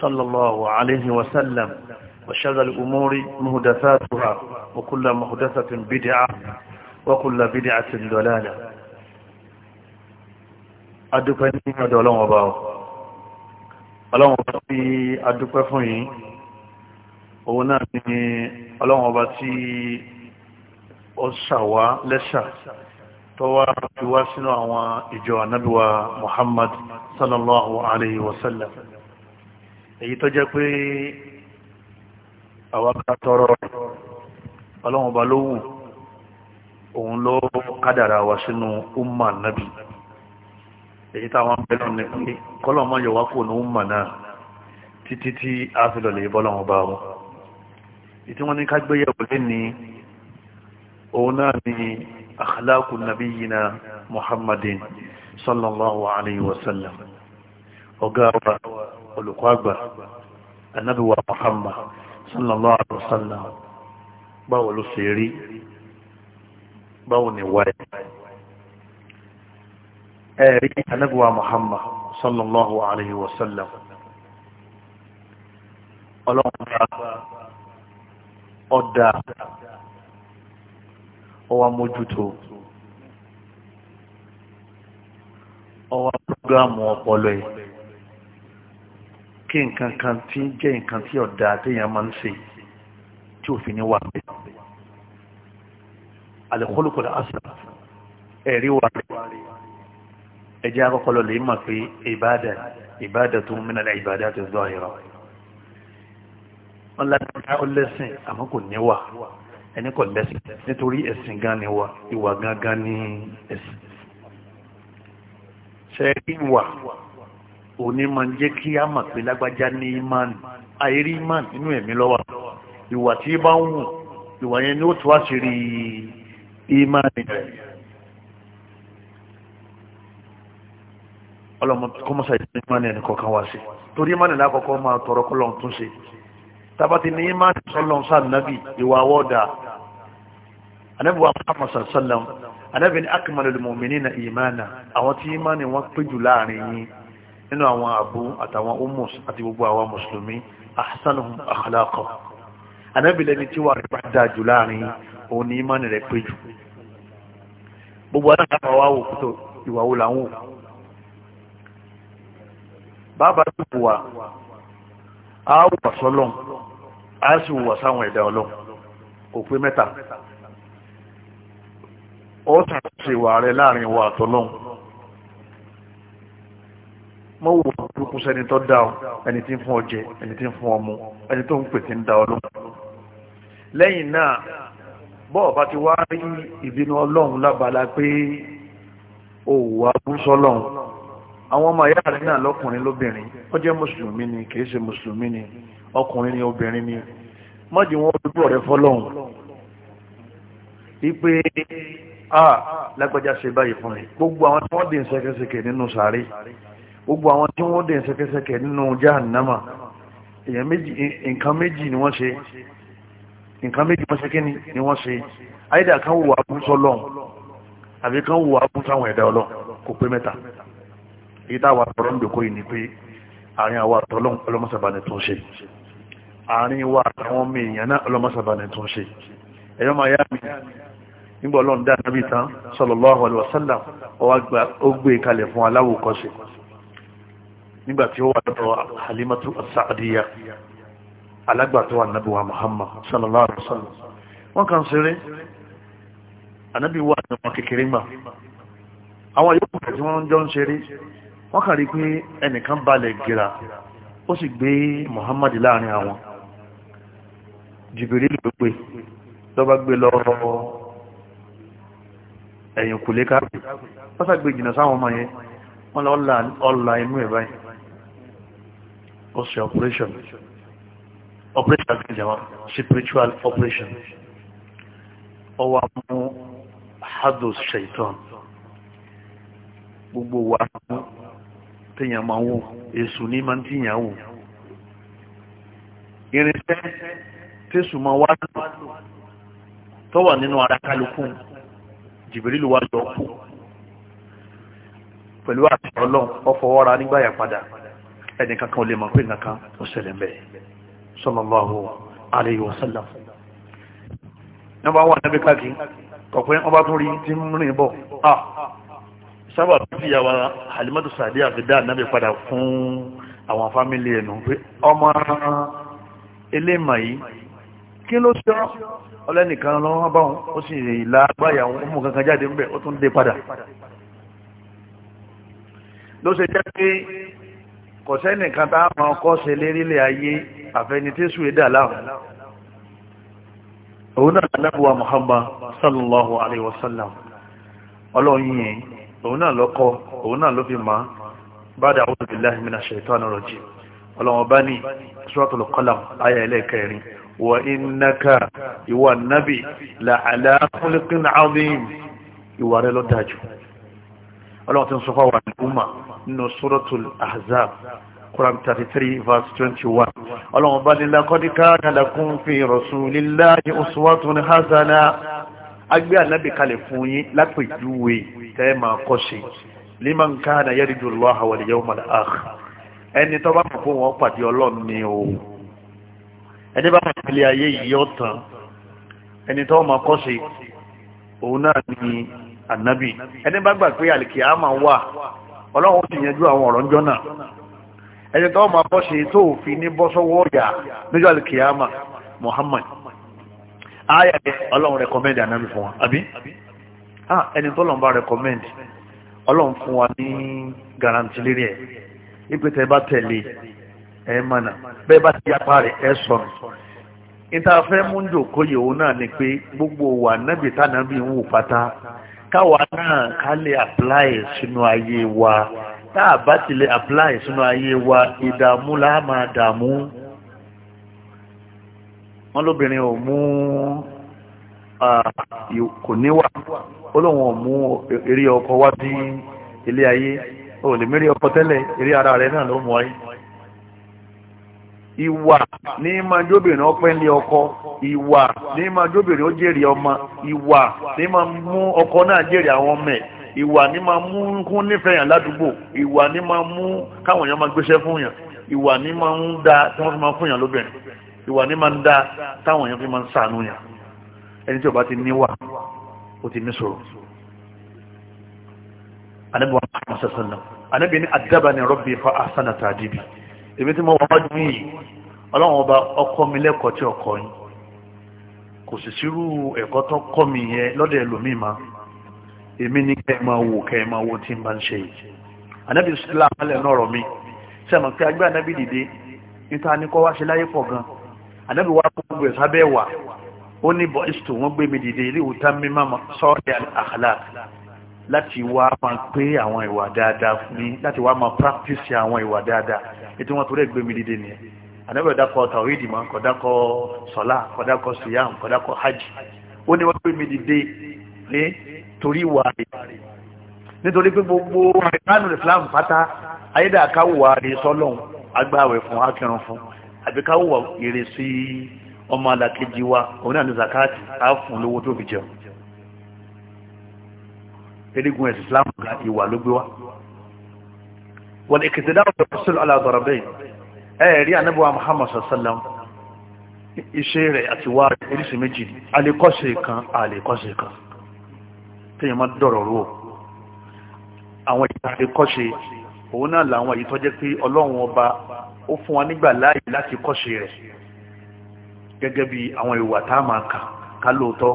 صلى الله عليه وسلم وشر الأمور مهدثاتها وكل مهدثة بدعة وكل بدعة ضلالة adúpẹ́ ní ọ̀dọ̀ ọlọ́run ọba ọ̀ ọlọ́run ọba tí adúpẹ́ fún yìí òun náà ni ọlọ́run ọba tí ó ṣàwá lẹ́ṣà tó wá fi wá sínú àwọn ìjọ anábíwa Muhammad sallallahu alayhi wa sallam èyí tó jẹ́ pé àwa ká tọrọ ọlọ́run ọba ló wù òun ló kádàrà wá sínú umma nabi èyí táwọn abẹ́lẹ̀ ní pé kọ́lọ̀ yọ wá kó ní umma náà títí tí a fi lọ lè bọ́lọ́run ọba wọn ìtí wọ́n ní ká gbéyẹ̀wò lé ní òun náà ni akhlaqu nabiyina muhammadin sallallahu alayhi wa sallam ọ̀gá wa olùkọ́ àgbà Ànábì wa Muhammad sallallahu alaihi wa sallam báwo ló ṣe rí báwo ni wáyé ẹ̀rí Ànábì wa Muhammad sallallahu alaihi wa sallam ọlọ́run bá ọ̀dà ọwà mójútó ọwà púrógámù ọpọlọ yìí kí nǹkan kan tí ń jẹ́ nǹkan tí ọ̀dà téèyàn máa ń ṣe tí òfin ní wà bẹ́ẹ̀ alẹ́kọ́lùkọ́ la àṣà ẹ̀rí wà rẹ̀ ẹjẹ́ akọ́kọ́ lọ lè mọ̀ pé ìbádà ìbádà tó ń mìnà ìbádà tó zọ ìrọ̀ wọn láti ká ó lẹ́sìn àmọ́ kò níwà ẹni kò lẹ́sìn nítorí ẹ̀sìn gan ni wà ìwà gangan ní ẹ̀sìn ṣe ìwà òní máa ń jẹ́ kí a mọ̀ pé lágbájá ní imán àìrí imán nínú ẹ̀mí lọ́wọ́ ìwà tí bá ń wù ìwà yẹn ni ó tún àṣírí imán rẹ̀ ọlọ́mọ kọ́mọ́sá ìdílé imán ẹni kọ̀ọ̀kan wá sí torí imán ẹ̀dá kọ̀ọ̀kan máa tọrọ kọ́lọ̀ tún ṣe tabati ní imán sọlọ́n sànnábì ìwà wọ́ọ̀dà anabi wa muhammad sallallahu alaihi wa sallam anabi ni akmalul mu'minina imana àwọn tí imán ni wọ́n péjú láàrin yín nínú àwọn àbú àtàwọn umus àti gbogbo àwọn mùsùlùmí ahsanuhum akhlaqa anábìlẹ́ni tí wà rẹ̀ bá dáa jù láàrin òun ní ìmánì rẹ̀ pé jù gbogbo aláǹkà wa wò kútó ìwà wo làwọn wò sọ́lọ́n a sáwọn ẹ̀dá ọlọ́n kò pé mẹ́ta ó sàṣèwà rẹ̀ láàrin wa àtọ́lọ́n mọ́ wò lókù sẹ́ni tó dá ọ ẹni tí ń fún ọ jẹ ẹni tí ń fún ọ mu ẹni tó ń pè tí ń dá ọ lóhùn. lẹ́yìn náà bọ́ọ̀ bá ti wá rí ìbínú ọlọ́run lábala pé òwò abúsọ́lọ́run àwọn ọmọ ìyá rẹ̀ náà lọ́kùnrin lóbìnrin ó jẹ́ mùsùlùmí ni kìí ṣe mùsùlùmí ni ọkùnrin ni obìnrin ni mọ́jì wọn ojú ọ̀rẹ́ fọ́lọ́run wípé a lágbájá ṣe báyìí fún mi gbogbo àwọn tí wọ́n dì ń ṣẹkẹṣẹkẹ nínú sàárè gbogbo àwọn tí wọ́n dẹ̀ ṣẹ̀kẹ̀ṣẹ̀kẹ̀ nínú jahannama èèyàn méjì nǹkan méjì ni wọ́n ṣe nǹkan méjì wọ́n ṣe kí ni wọ́n ṣe àyídà kan wù abúsọ lọ́n àbí kan wù abúsọ àwọn ẹ̀dá ọlọ́ kò pé mẹ́ta èyí táwa tọrọ ń dòkó yìí ni pé àárín àwa àtọlọ́n ọlọ́mọsàbánì tó ń ṣe àárín wa àtàwọn ọmọ èèyàn náà ọlọ́mọsàbánì tó ń ṣe ẹ̀yọ́ máa yá mi nígbà ọlọ́run dá nàbì tán sallallahu alaihi wasallam ó gbé kalẹ̀ fún nígbà tí ó wà lọ́dọ̀ halimatu asadiya alágbàtọ́ anabiwa muhammad sallallahu alaihi wa sallam wọ́n kàn ṣeré anabi wà ní ọmọ kékeré mà àwọn yòókù tí wọ́n jọ ń ṣeré wọ́n kàn rí pé ẹnìkan balẹ̀ gíra ó sì gbé muhammad láàrin àwọn jìbìrì ló gbé lọ́ba gbé lọ ẹ̀yìn kùlé káàkiri wọ́n sàgbé jìnnà sáwọn ọmọ yẹn wọ́n lọ́ọ́ la ẹnu ẹ̀ báyìí ó ṣe operation operation àgbẹ̀jẹ̀mọ́ spiritual operation ó wá mú hadu shaitan gbogbo wa téèyàn máa wò èṣù ní máa ń tíyàn wò irinṣẹ́ tẹ́sù máa wá lò tó wà nínú ara kálukú jìbìrìlù wá lọ kú pẹ̀lú àti ọlọ́run ọfọwọ́ra nígbà yà padà ẹni kankan olè mọ̀ pé nǹkan ó ṣẹlẹ̀ mẹ́ sallallahu alayhi wa sallam nọmba wà nẹ́bí káàkiri kọ̀pẹ́ ọba tó rí tí ń rìn bọ̀ à sábà fíyàwó Halimatu Sadiya àfidá nábì padà fún àwọn fámílì ẹ̀nù pé ọmọ eléèmà yìí kí ló sọ ọlẹ́nìkan lọ́wọ́ báwọn ó sì là báyà wọn ó mú kankan jáde ń bẹ̀ ó tún dé padà ló ṣe jẹ́ pé kò sẹ́nìkan tá a máa kọ́ ṣe lérílẹ̀ ayé àfẹnitẹ́sù ẹ̀dà láwọn òun náà anábùwà Muhammad sallallahu alayhi wa sallam ọlọ́run yìnyín òun náà lọ́kọ́ òun náà ló fi máa bada a'udhu billahi minash shaitani rajim ọlọ́wọ́n bá ní suratul qalam ayà ẹlẹ́kẹrin wa innaka ìwà nábì la'ala khuluqin azim ìwà rẹ̀ lọ́dájú ọlọ́wọ́n ti ń sọ fáwọn àdúgbò nínú suratul ahzab quran thirty three verse twenty one ọlọ́run bá nílá kọ́díkà kàdàkùn fi rasulillahi uswatun hazana agbé ànábì kalẹ̀ fún yín lápèjúwe tẹ́ máa kọ́ ṣe liman kana yarju Allaha wal yawmal akhir ẹni tó bá mọ̀ fún wọn pàdé ọlọ́run ni o ẹni bá mọ̀ ilé ayé yìí ọ̀tàn ẹni tó máa kọ́ ṣe òun náà ni ànábì ẹni bá gbà pé àlìkìyámà wà ọlọ́run sì àwọn ọ̀rọ̀ ńjọ́ náà ẹni tó ma bọ́ ṣe tó fi ní bọ́ sọ́wọ́ ọ̀yà lójú alikiyama Muhammad ayé ọlọ́run rẹkọmẹ́ndì fún wa àbí ẹni tó lọ́nba ọlọ́run fún wa ní garanti lérí ẹ̀ ipe tẹ́ bá tẹ̀lé ẹ̀ mọ̀nà bẹ́ẹ̀ bá ti yapa rẹ̀ ẹ̀ sọ̀rọ̀ ìta fẹ́ náà ni pé gbogbo káwa náà ká lè apply sínú ayé wa tá a bá ti lè apply sínú ayé wa ìdààmú la máa dààmú wọn lóbìnrin ò mú kò níwà ó lóun ò mú eré ọkọ wá bí ilé ayé ó lè mérí ọkọ tẹ́lẹ̀ eré ara rẹ̀ náà ló mú ayé. ìwà ní máa jóbìnrin ọpẹ́ ní ọkọ ìwà ní máa ó jèrè ọmọ ìwà ní mú ọkọ náà jèrè àwọn ọmọ ẹ̀ ìwà ní máa mú kún nífẹ̀ẹ́ yàn ládùúgbò ìwà ní máa mú káwọn èèyàn máa gbéṣẹ́ fún yàn ìwà ní ń da tí wọ́n fi máa fún yàn lóbìnrin ìwà ní ń da táwọn èèyàn fi máa ń sànú yàn ẹni tí ó bá ti níwà ti ní adaba ni èmi tí mo wà wájú yìí ọlọ́run ọba ọkọ mi lẹ́kọ̀ọ́ tí ọkọ yín kò sì sírú ẹ̀kọ́ tó kọ́ mi yẹn lọ́dọ̀ ẹlòmíì ma èmi ní kẹ́ ẹ máa wò kẹ́ ẹ máa wò tí n bá ń ṣe yìí anabi sila amalẹ̀ náà rọ̀ mi sẹ́mi pé agbé anabi dìde níta ni kọ́ wá ṣe láyé pọ̀ gan anabi wá kó gbogbo ẹ̀sà bẹ́ẹ̀ wà ó ní bọ́ ìsìtò wọ́n gbé mi dìde ilé ìwòta mímọ́ sọ́ọ̀rẹ́ àkàlà láti wá máa pé àwọn ìwà dáadáa fún mi láti wá máa practice àwọn ìwà dáadáa ètò wọn torí ẹgbẹ́ mi dìde nìyẹn ànábẹ́ ọ̀dàkọ tàwídì mọ́ kọ̀dàkọ sọ̀lá kọ̀dàkọ suyam kọ̀dàkọ hajj ó ní wọ́n gbé mi dìde ní torí ìwà nítorí pé gbogbo ìránù Islam pátá ayédàkáwà rẹ̀ sọ́lọ́hún agbáwẹ̀ fún akẹrun fún àbíkáwà ìrẹsì ọmọ alákejì wa òun náà ní zakati á fún lówó tó fi jẹun erigun ẹ̀sìn Islam ìwà ló gbé wa wọ́n ìkìtìdá ọ̀pọ̀lọpọ̀ aláàbọ̀rọ̀bẹ̀ ẹ̀ẹ̀rí anábọ̀wá Muhammad sallam iṣẹ́ rẹ̀ àti wá oríṣi méjì alẹ́kọ́ṣe kan alẹ́kọ́ṣe kan tí yẹn máa dọ̀rọ̀ rú àwọn alẹ́kọ́ṣe òun náà làwọn èyí tó jẹ́ pé ọlọ́run ọba ó fún wa nígbà láàyè láti kọ́ṣe rẹ̀ gẹ́gẹ́ bí àwọn ìwà tá a máa kà ká lóòótọ́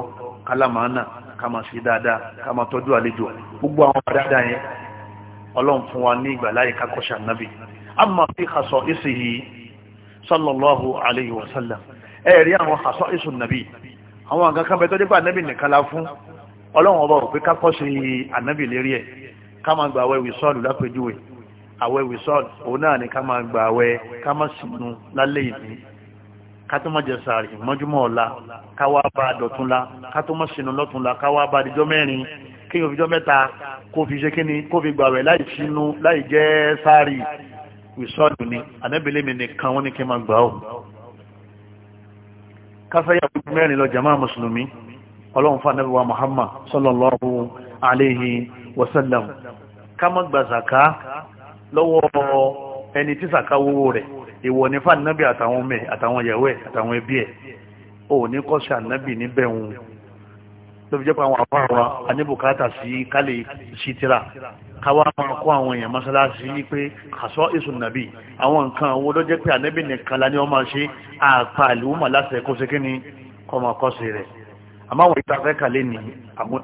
ká lámàánà ká máa ṣe dáadáa ká máa tọ́jú àlejò gbogbo àwọn dáadáa yẹn ọlọ́run fún wa ní ìgbà láyé kakọ́ṣà nábì amma fi hasọ ìsìhì sallallahu alayhi wa sallam ẹ̀rí àwọn hasọ ìsù nàbì àwọn àga kan bẹ tó dípa nábì nìkan la fún ọlọ́run ọba òpé kakọ́ṣe ànábì lérí ẹ̀ ká máa gba àwẹ̀ wìsọ́ọ̀lù lápẹjúwe àwẹ̀ wìsọ́ọ̀lù òun náà ni ká máa gba àwẹ̀ ká má sínú lálẹ́ ìní kátọ́mọ̀jẹ̀ sàárì mọ́júmọ́ ọ̀la káwá bá dọ̀túnla kátọ́mọ̀ sínú lọ́túnla káwá bá dijọ́ mẹ́rin kí o fi jọ mẹ́ta kó fi ṣe kíni kó fi gbàwẹ̀ láì sínú láì jẹ́ sáàrì ìsọ́dù ni ànẹ́bìlẹ̀ mi nìkan wọ́n ní kí n máa gbà ó kásáyàwó mẹ́rin lọ jama mùsùlùmí ọlọ́run fún ànẹ́bìwá Muhammad sallallahu alayhi wa sallam ká má gba zaka lọ́wọ́ ẹni tí zaka wọ́wọ́ rẹ̀ ìwọ̀ ní fún ànẹ́bì àtàwọn ọmọ ẹ̀ àtàwọn ìyàwó àtàwọn ẹbí ẹ̀ ò ní kọ́ṣẹ́ ànẹ́bì níbẹ̀ wọn ló jẹ́ pé àwọn àfáà wa aníbùkátà sí kálí sítírà káwá máa kó àwọn èèyàn mọ́sálásí pé àṣọ ìsùn nàbì àwọn nǹkan owó ló jẹ́ pé ànábì nìkan la ní wọ́n máa ṣe àpá àlùmọ̀ láti ẹ̀kọ́ sí kíni kọ́ máa rẹ̀ àmọ́ àwọn ìta fẹ́ kàlẹ́ ní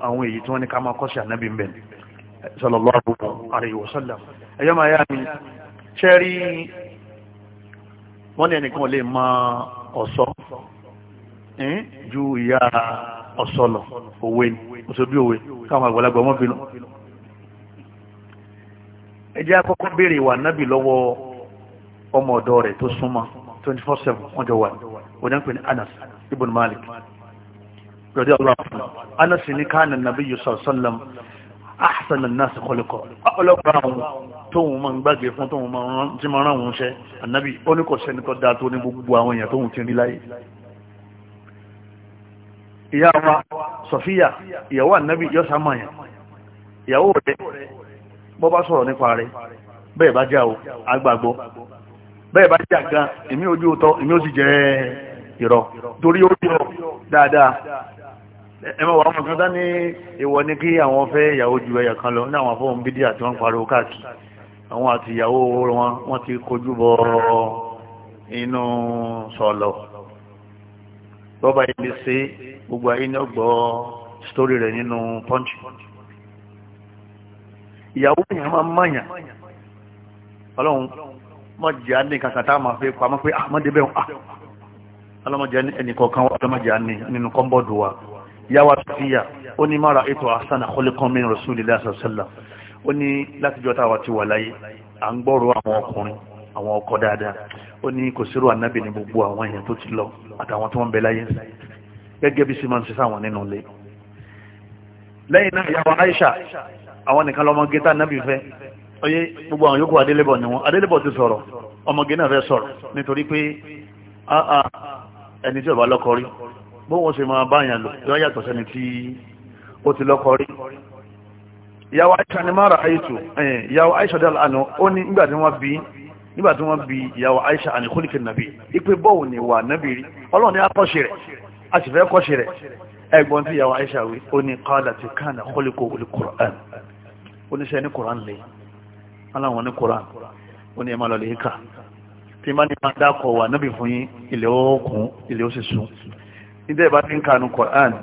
àwọn èyí tí wọ́n ní ká máa kọ́ sí ń bẹ̀ sallallahu alaihi wasallam ẹ̀yọ́ máa yá mi ṣẹ́ rí wọ́n ní ẹnìkan lè máa ọ̀ṣọ́ ju ìyá ọ̀sọ̀lọ̀ òwe òṣòbí òwe káwọn àgbàlagbà ọmọ bínú ẹ jẹ́ àkọ́kọ́ béèrè ìwà nábì lọ́wọ́ ọmọ ọ̀dọ́ rẹ̀ tó súnmọ́ 24/7 wọ́n jọ wà wọ́n jẹ́ ń pè ní Anas ibn Malik rọ̀dí ọlọ́pàá Anas ní káàna nàbí yusuf sallam ahsan an-nas khuluqan ọlọ́pàá àwọn tóun máa ń gbàgbé fún tóun máa ń rántí máa ń ràn wọn ṣẹ́ ànábì ó ní kò sẹ́ni tó dáa tó ní gbogbo àwọn èèyàn tóun ti rí láyé ìyá wa sọ̀fíyà ìyàwó ànábì yọ́ sàmàyàn ìyàwó rẹ̀ bọ́ bá sọ̀rọ̀ nípa rẹ̀ bẹ́ẹ̀ bá já o agbàgbọ́ bẹ́ẹ̀ bá já gan èmi ojú ọtọ́ èmi ó sì jẹ́ ìrọ̀ torí ó yọ dáadáa ẹ máa wà ọmọ kan dání ìwọ ní kí àwọn fẹ́ ìyàwó ju ẹyà kan lọ ní àwọn afọ́hún bídíà tí wọ́n pariwo káàkiri àwọn àti ìyàwó wọn wọ́n ti kojú bọ inú sọ̀lọ̀ bọ́ba yìí lè ṣe gbogbo ayé ní ọgbọ́ sítórí rẹ̀ nínú pọ́ńchì ìyàwó yẹn máa ń mọ̀yàn ọlọ́run mọ̀ jẹ́ á ní kankan tá a máa fi kọ́ a ah, máa fi àmọ́dé bẹ́ẹ̀ wọ́n ah, ọlọ́mọdé ẹnì kọ̀ọ̀kan wa ọlọ́mọdé á ní nínú kọ́ńbọ̀dù wa yàwá sofia ó ní mara ètò asana kọ́lékan min rasulillah sallallahu alaihi wasallam ó ní láti jọ́ta wa ti wà láyé à ń gbọ́rọ̀ àwọn ọkùnrin àwọn ọkọ dáadáa ó ní kò sírò ànábì ní gbogbo àwọn èèyàn tó ti lọ àtàwọn tí wọ́n ń bẹ láyé gẹ́gẹ́ bí simon ṣe sáwọn nínú ilé lẹ́yìn náà ìyàwó Aisha àwọn nìkan lọ́mọ gẹ́tà ànábì fẹ́ oyé gbogbo àwọn yòókù adélébọ̀ ni wọn adélébọ̀ ti sọ̀rọ̀ ọmọge náà fẹ́ sọ̀rọ̀ nítorí pé ẹni tí ó bá lọ́kọ rí bóun ṣe máa báyàn lò yọ yàtọ̀ sẹ́ni tí ó ti lọ́kọ rí ìyàwó Aisha ni mara aitu ìyàwó Aisha eh, dal anu ó ní nígbà tí wọ́n bí nígbà tí wọ́n bi ìyàwó Aisha àni kólíkì nàbí ipe bọ́ọ̀ ni wà nàbí rí ọlọ́run ni a kọ́ṣe rẹ̀ a sì fẹ́ kọ́ṣe rẹ̀ ẹgbọ́n tí ìyàwó Aisha wí ó ní kọ́lá ti kánà kólíkò olú Qur'an oníṣẹ́ ní Qur'an lè aláwọn ní Qur'an ó ní ẹ̀ máa lọ lè kà tí má ní máa dákọ̀ wà nàbí fún yín ilẹ̀ òkun ilẹ̀ ó sì sùn níta ìbá ti ń kanu Qur'an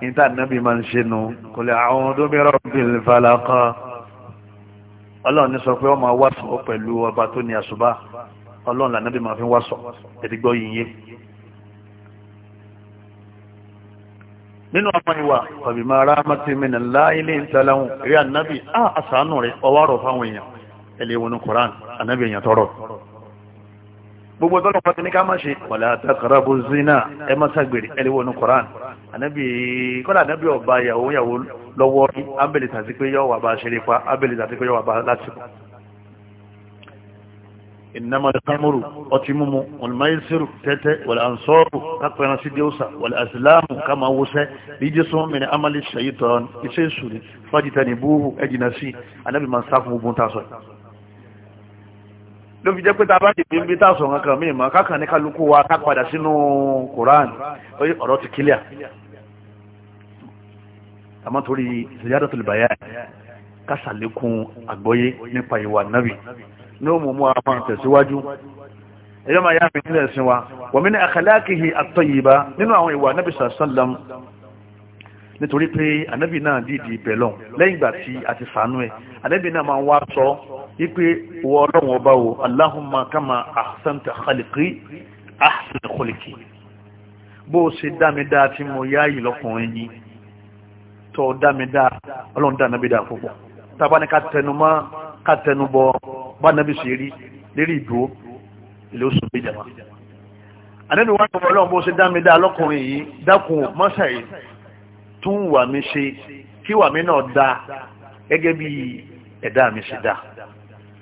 níta nàbí máa ń ṣe nu kò lè a'udhu bi rabbil ọlọ́run ní sọ pé ọmọ wàṣọ pẹ̀lú ọba tó ní àṣùbá ọlọ́run lànàbí máa fi wàṣọ ẹ̀dígbọ́ yìnyín nínú àwọn ìwà tàbí máa rá mọ́tí mi nílá ilé ìtàláhùn rí ànábì àṣánù rẹ̀ ọwárọ̀ fáwọn èèyàn ẹlẹ́ ìwọ̀nù koran ànábì èèyàn tọrọ gbogbo tọ́lọ̀pọ̀ ti ní ká má ṣe wàlá àtàkàrà bó zina ẹ má ṣàgbèrè ẹlẹ́ ìwọ̀nù koran ànábì kọ́lá ànábì ọba ìyàwó ìyàwó lọ́wọ́ rí ábẹ̀lì tàbí pé yọ́ wà bá ṣeré pa ábẹ̀lì tàbí pé yọ́ wà bá láti pa ìnámọ̀lẹ̀ kámúrù ọtí múmu olùmọ̀ẹ́sẹ̀rù tẹ́tẹ́ wàlẹ̀ ànsọ́rù kápẹ́ran sí déúsà wàlẹ̀ àsìláàmù káma wúṣẹ́ ríjẹ́ sún mẹ́rin amálẹ̀ ṣayítọ́ iṣẹ́ ìṣúrí fájítẹ́ búhù ẹ̀jìnà sí anábì máa ń sá fún ló fi jẹ́ pé tàbá dìbí ń bí tàṣọ kankan mí mọ́ kákan ní kálukú wa ká padà sínú koran oye ọ̀rọ̀ ti kílíà àmọ́ torí ìṣèjáde tó lè bàyà ká ṣàlékún àgbọ́yé nípa ìwà nábì ní ó mú mú àwọn àtẹ̀síwájú ẹ̀yọ́ máa yá mi nílẹ̀ sí wa wọ̀mí ní àkàlákìhì àtọ́yìbá nínú àwọn ìwà nábì sàṣọ́lám nítorí pé ànábì náà dìdì ìbẹ̀lọ̀ lẹ́yìn ìgbà tí a ti sànú ẹ̀ ànábì ipe wọ ọlọ́run ọba wo aláhùnmá kama ahsanta khaliki ahsan khaliki bó o ṣe dámidáa tí mo yáàyè lọ́kùnrin yìí tó dámidáa ọlọ́run dámidáa púpọ̀ tábà ní ká tẹnumọ́ ká tẹnubọ bá nàbí ṣe rí lérí ìdúró ilé oṣù méjì àmà àdẹ́nu wá tọ̀wọ̀ ọlọ́run bó ṣe dámidáa lọ́kùnrin yìí dákun mọ́ṣà tún wà mí ṣe kí wà mí náà dáa gẹ́gẹ́ bí ẹ̀dá mi ṣe dáa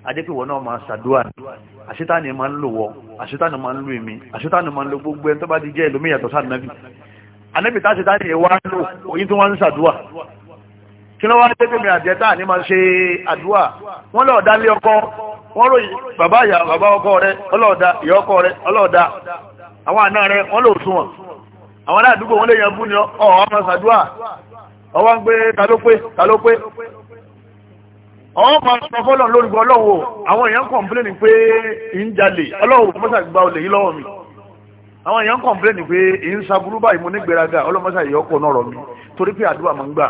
adépe wọn náà máa ṣàdúrà ní àṣetáni máa ń lò wọ àṣetáni máa ń lò èmi àṣetáni máa ń lò gbogbo ẹni tó bá ti jẹ́ ìlú míyàtọ̀ ànábì tá àṣetáni yẹn wá lò oyin tí wọ́n ń ṣàdúrà kí ló wá dé pé mi àjẹta ni máa ṣe àdúrà ọkọ bàbá ìyá bàbá ọkọ rẹ ìyá ọkọ rẹ àwọn àna rẹ ọ̀hún máa sọ fọ́lọ̀ lórúkọ ọlọ́wọ́ àwọn èèyàn kọ̀ǹpléènì pé ń jalè ọlọ́wọ́ mọ́sà gba olè yìí lọ́wọ́ mi àwọn èèyàn kọ̀ǹpléènì pé ń saburú báyìí mo ní gbéraga ọlọ́mọ́sà yìí ọkọ̀ náà rọ̀ mi torí pé àdúrà máa ń gbà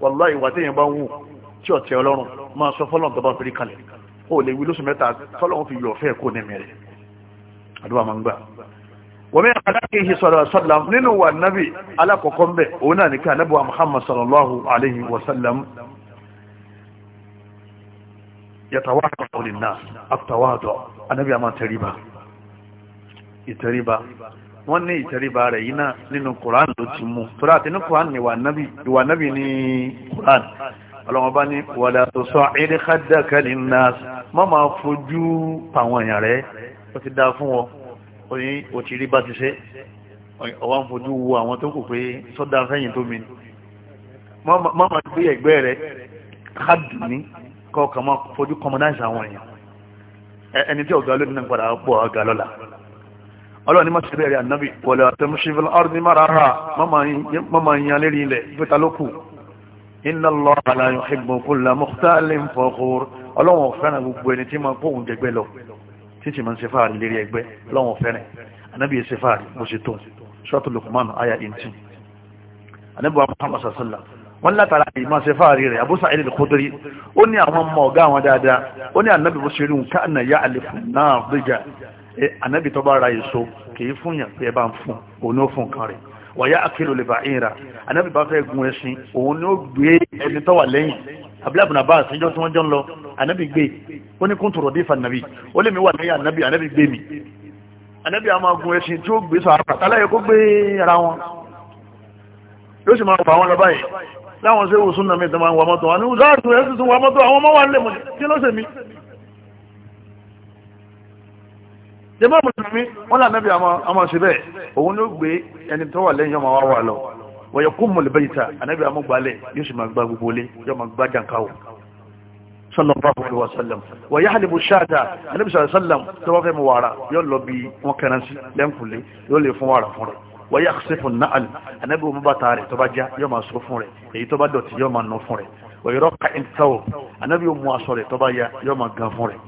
wàlúwà ìwà téèyàn bá ń wù tí ọ̀tẹ̀ ọlọ́run máa sọ fọ́lọ̀ tó bá fi kalẹ̀ ó lè wí lóṣù mẹ́ta tọ́lọ́run fi yọ ọ̀fẹ́ kó ní wa nábì alákọ̀ọ́kọ́ ń bẹ̀ òun náà ní Muhammad sallallahu alayhi wa yàtàwádọ̀ olìnà àtàwádọ̀ anábì àmà tẹríba ìtẹríba wọ́n ní ìtẹríba rẹ̀ yìí náà nínú koran ló ti mú torí àti ní koran ni ìwà nábì ní koran ọlọ́mọba ní wàlá tó sọ èdè kádàkà ní nas má máa fojú pàwọn èèyàn rẹ̀ ó ti dá fún wọn ó ní ó ti rí ti ṣe ọwọ́ ń fojú wo àwọn tó kù pé sọ́dá fẹ́yìn tó mi má máa gbé ẹ̀gbẹ́ rẹ̀ kádùn ní kọ́ kàn máa fojú commonize àwọn èèyàn ẹni tí ọ̀gá lónìí náà padà pọ̀ ọ̀gá lọ́la ọlọ́ọ̀ni má ṣe bẹ́ẹ̀rẹ̀ ànábì wọ̀lẹ̀ àtẹ̀mùsífìlì ọ̀rọ̀dì mára rà mọ́mà yan lérí ilẹ̀ ìfẹ́ta lókù iná lọ àlàyé ìgbòkúnlá mọ́tàlẹ́ fọ́kúr ọlọ́wọ̀n fẹ́ràn gbogbo ẹni tí máa kóhùn jẹgbẹ́ lọ títí máa ń ṣe fáàrí lérí ẹgbẹ́ ọlọ́wọ̀n fẹ́ràn ànábì ṣe fáàrí bó ṣe tó ṣọ́ọ̀tù Luqman aya 18 ànábì wa Muhammad sallallahu wọ́n látara ìmọ̀ ṣe fáàrí rẹ̀ Abu Sa'id al-Khudri ó ní àwọn ọmọ ọ̀gá àwọn dáadáa ó ní ànábì bó ṣe rí nǹkan àná ya àlefù náà gbéjà ànábì tó bá ra èso kì í fún yàn pé ẹ bá ń fún òun ó fún kan rẹ̀ wàyá akérò lè bá ń ra ànábì bá fẹ́ gun ẹṣin òun ni ó gbé ẹni tó wà lẹ́yìn abúlábùnà bá àṣẹjọ́ tí wọ́n jọ ń lọ ànábì gbé ó ní kúntùrọ̀ dé fa ó lè mi wà lẹ́yìn ànábì ànábì gbé mi ànábì àwọn agun ẹṣin tí ó gbé sọ àpàtàlẹ́yẹ kó gbé ara wọn yóò sì máa fà wọn lọ báyìí láwọn ṣe wùsùn náà mẹ́ta máa ń wa mọ́tò wọn ni wùsáàtù ẹ̀ sì tún wa mọ́tò àwọn ọmọ wa ń lè mọ̀ kí ló ṣe mí. jẹ́mọ́ mùsùlùmí wọ́n là nẹ́bí àmọ́ ṣe bẹ́ẹ̀ òun ló gbé ẹni tó wà lẹ́yìn ọmọ wa wà lọ wọ̀yẹ̀ kó mọ̀lẹ̀ bẹ́yì ta ànẹ́bí àmọ́ gbalẹ̀ yóò sì máa gba gbogbo lé yóò máa gba sallam wa yahlibu shata ànẹ́bí sallam tó bá fẹ́ mu wàrà yóò lọ bí wọn kẹran sí lẹ́ǹkùlé wọ́yà ṣẹ́fún náà anábì òun bàtà rẹ̀ tó bá já yóò máa sọ fún rẹ̀ èyí tó bá dọ̀tí yóò máa nà fún rẹ̀ wọ́yọ̀rọ̀ ká ẹ̀ ń tàwọ̀ anábì òun mú aṣọ rẹ̀ tó bá ya yóò máa gan fún rẹ̀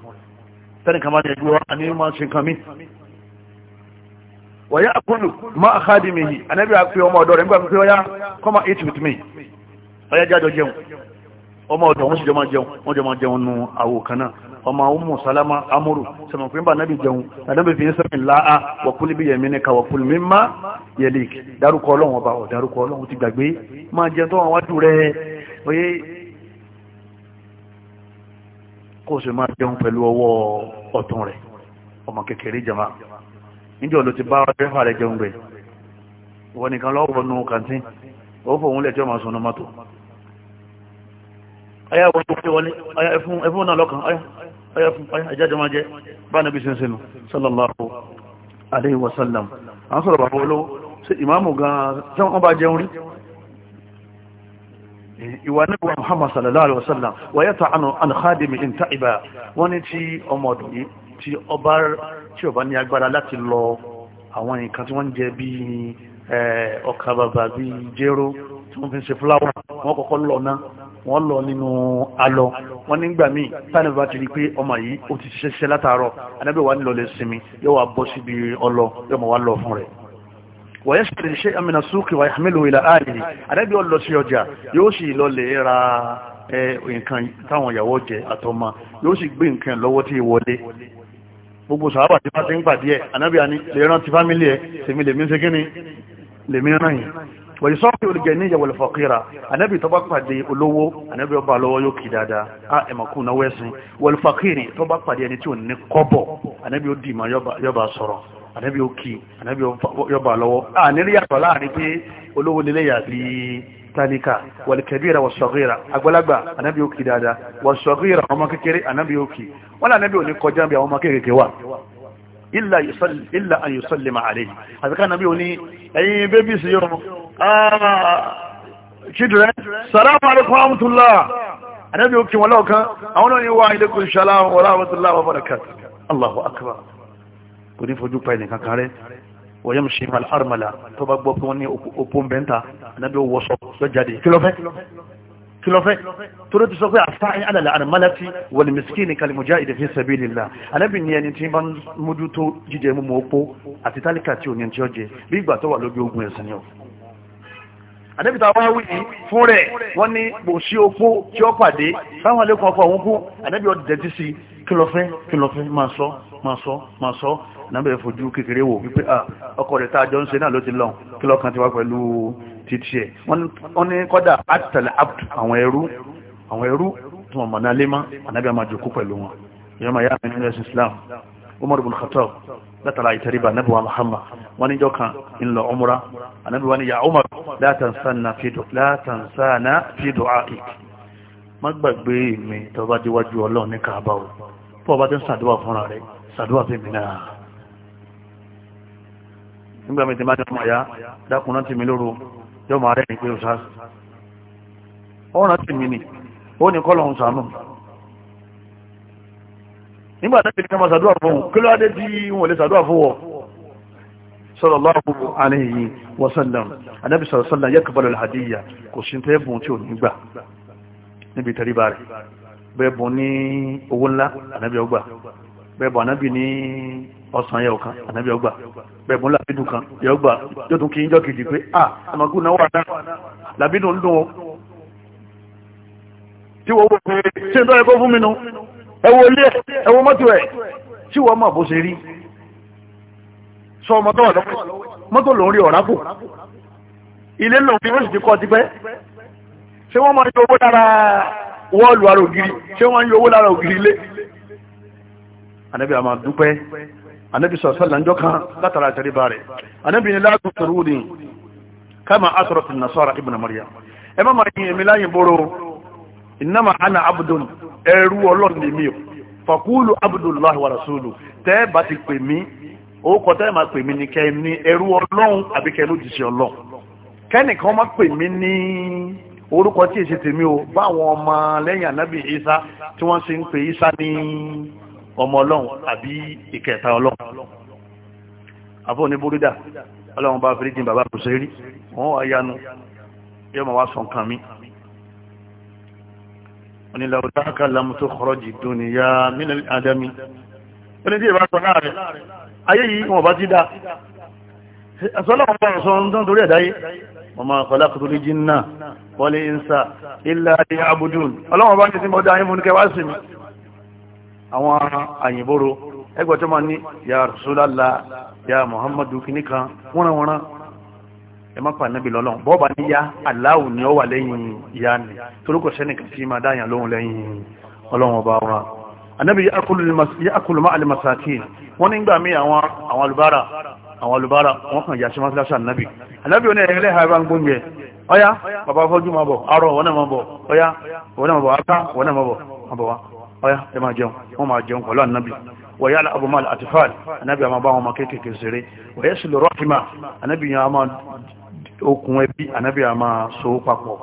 tẹ́nì kan bá ní ẹgbẹ́ wa a máa ṣe nǹkan mi. wọ́yà akulu má a káàdì mi yìí anábì àpè ọmọ ọ̀dọ́ rẹ̀ nígbà pé ọyá come and eat with me ọyá jájọ jẹun ọmọ ọ̀dọ̀ wọ́n sì jọ máa jẹun wọ́n jọ máa jẹun nù àwò kan ọmọ ọmọ salama amúrù sọmọ̀pín bá náàbì jẹun nàdàbì fi ń sẹ́mì láà wọ̀kúlì bí yẹ̀mí ní kàwọ̀kúlì mímá yẹ̀lìk dárúkọ ọlọ́run ọba ọ̀dárúkọ ọlọ́run ti gbàgbé máa jẹun tó wọn wájú rẹ̀ oyé kó sì máa jẹun pẹ̀lú ọwọ́ ọ̀tún rẹ̀ ọmọ kékeré jama níjọ́ ló ti bá rẹ́fà rẹ̀ jẹun rẹ̀ ìwọ nìkan lọ́wọ́ nù kàntín ó fòun lẹ̀ tí ọmọ tó ọyá ìwọ̀n tó pé wọlé ọyá ẹfún náà lọ́kàn ọyá fún ọyá ìjájọ máa jẹ bá nàbí sinsinu sallallahu alaihi wasallam a ń sọ̀rọ̀ bàbá olówó sí ìmáàmù gan tán wọ́n bá jẹun rí ìwà wọ́n lọ nínú alọ wọ́n nígbà míì táwọn ìbá ti rí pé ọmọ yìí ó ti ṣiṣẹ́ látàárọ̀ anábẹ́ wa nílò lè sinmi yóò wá bọ́ síbi ọlọ yóò mọ̀ wá lọ fún rẹ̀ wọ́n yẹ́ sẹ́kẹ̀rẹ̀ ṣe amina súnkì wà ìhàmìlò ìlà ààrẹ anábẹ́ ọlọ sí ọjà yóò sì lọ lè ra nǹkan táwọn ìyàwó jẹ àtọmọ yóò sì gbé nǹkan lọ́wọ́ tí wọlé gbogbo sàábà tí wọ́n ti ń pàdé ẹ̀ anábẹ́ àní lè rántí fámílì ẹ̀ wọ̀nyí sọ́ọ̀kì olùjẹ́ ní ìyẹ̀wò ìfọ̀kìrà anábì tó bá pàdé olówó anábì ọba lọ́wọ́ yóò kì dáadáa á ẹ̀mọ̀kú náà wẹ́sìn wọ̀lùfọ̀kìrì tó bá pàdé ẹni tí ò ní kọ́bọ̀ anábì ó dì mà yọba sọ̀rọ̀ anábì ó kì anábì yọba lọ́wọ́ á nílé yàtọ̀ láàrin pé olówó nílé yàtí tálíkà wọ̀lùkẹ́bíra wọ̀sọ̀gíra àgbàlagbà anábì ó kì dáadáa wọ̀sọ̀gíra ọmọ kékeré anábì ó kì wọ́n lé anábì ò ní kọjá bí àwọn ọmọ kékeré wà illa an yusallima alayhi àti ká anábì ò ní ẹ̀yin bébí Ah, children salamu alaikum warahmatullah anabi okin wala kan àwọn náà ni wa alaikum salam warahmatullah wabarakatuh allahu akbar kò ní fojú pa ẹnìkan kan rẹ wọ́n yẹ́m ṣe mal armala tó bá gbọ́ pé wọ́n ní òpó ń bẹ́ńta anabi wọ́sọ lọ jáde kílọ́fẹ́ kílọ́fẹ́ tó ló ti sọ pé àfáàyí alàlà àrùmálàtí wal miskini kal mujahidi fi sabilillah anábì ní ẹni tí bá àdébìtà wá wí fún rẹ̀ wọ́n ní kò sí opó tí ó pàdé sáwọn alẹ́kùn ọkọ̀ òun kú àdébì ọdún tẹ́tí sí kílọ̀fẹ́ kílọ̀fẹ́ máa sọ máa sọ máa sọ nàbẹ̀ fojú kékeré wò wípé ọkọ̀ rẹ̀ tá a jọ ń ṣe náà ló ti lọ kílọ̀kan ti wá pẹ̀lú títí ẹ̀ wọ́n ní kọ́dà àtàlẹ̀ àbùtù àwọn ẹrú àwọn ẹrú tí wọ́n mọ̀nà lémá ànábì máa jòkó pẹ̀lú wọn ìyọ́mọ̀ yá àmì nínú ẹ̀sìn Islam Umar ibn Khattab látara ìtẹríba nàbẹ̀ wa Muhammad wọ́n níjọ́ kan ńlọ ọmọra anábí wọ́n ni ya Umar la tansana fi du'aik má gbàgbé mi tó bá díwájú ọlọ́run ní kàábà o pọ̀ bá ti ń sàdúwà fúnra rẹ̀ sàdúwà fi mi náà nígbà mi ti máa jọmọ̀ ya dákùnrán ti mi lóru jọmọ̀ rẹ̀ ní pé o sáà ọ̀ràn ti mi ni ó ní kọ́lọ̀hún sànú nígbà tẹ́lẹ̀ kí wọ́n sàdúwà fún un kí ló wá dé tí wọ́n lè sàdúwà fún wọn sallallahu alayhi wa sallam anábì sallallahu sallam yaqbalu al-hadiyya kò sí tẹ́ bùn tí ò ní gbà níbi tẹríba rẹ̀ bẹ́ẹ̀ bùn ní owó ńlá anábì ọgbà bẹ́ẹ̀ bùn anábì ní ọ̀sán yẹ ọ̀kan anábì ọgbà bẹ́ẹ̀ bùn làbídùn kan yẹ ọgbà yóò tún kí ń jọ́ kejì pé à àmọ́gún náà wà náà làbídùn ń dùn ilé ẹ̀wọ̀ mọ́tò ẹ̀ tí wọ́n mọ̀ bó ṣe rí sọ ọmọ tó wà lọ́wọ́ mọ́tò ló ń rí ọ̀rá kù ilé lòun fi wọ́n sì ti kọ́ tipẹ́ ṣé wọ́n máa ń yọ owó lára wọ́ọ̀lù ara ògiri ṣé wọ́n ń yọ owó lára ògiri ilé anabi a máa dúpẹ́ anabi sọ̀rọ̀ sọ́lá ńjọ́ kan látara àtẹríba rẹ̀ anabi ni láàbù sọ̀rọ̀ ni kama asọ̀rọ̀ ti nà sọ́ra ibùnà Maryam ẹ má máa yin èmi láyìn boro ìnáma ana abudun ẹrú ọlọ́run lèmi o fakulu abdullahi wa rasulu tẹ́ bá ti pè mí orúkọ tẹ́ máa pè mí ní kẹ́ ní ẹrú ọlọ́run àbí kẹ́ ló jìṣẹ́ ọlọ́run kẹ́nìkan máa pè mí ní orúkọ tí èsì tèmi o báwọn ọmọ lẹ́yìn ànábì isa tí wọ́n sì ń pè isa ní ọmọ ọlọ́run àbí ìkẹta ọlọ́run àbọ̀ ní búrúdà ọlọ́run bá fìdí bàbá kò ṣe rí wọ́n wá yanu yóò máa wá sọ nǹkan mi onílàwọ̀dá kàlámù tó kọ́rọ́ dùn níyà mílẹ̀ ẹni tí ìbá sọ láàrin ayé yìí wọn bá ti dá sọ́lọ́wọ́n bá sọ ń tán torí ẹ̀dáyé ọmọ khalaqtu l-jinna wal-insa illa liya'budun ọlọ́wọ́n bá ní sí mọ́dá ayémú ní kẹwàá sí mi àwọn àyìnbóró ẹgbẹ́ tó máa ní ya Rasulallah ya Muhammadu kìíní kan wọ́nranwọ́nran ẹ má pa níbi lọ́lọ́n bọ́ọ̀bà ní ya Allahu ni ó anabi yakulu ma alimasakin wọ́n nígbà mí àwọn alubára àwọn alubára wọ́n kàn yà sí masalasa anabi anabi wọn ẹ̀rẹ́ ha bá ń gbóúnjẹ ọya bàbá fọ́jú ma bọ̀ arọ wọ́n náà ma bọ̀ ọya wọ́n náà ma bọ̀ aká wọ́n náà ma bọ̀ ma bọ̀ wá ọya ẹ máa jẹun wọ́n máa jẹun pẹ̀lú anabi wọ́n yálà abumal atifal anabi a bá wọn ma kéékèèké ṣeré wọ́n yẹ sílò rọ́kìmá anabi yẹn a máa ẹbí anabi a so papọ̀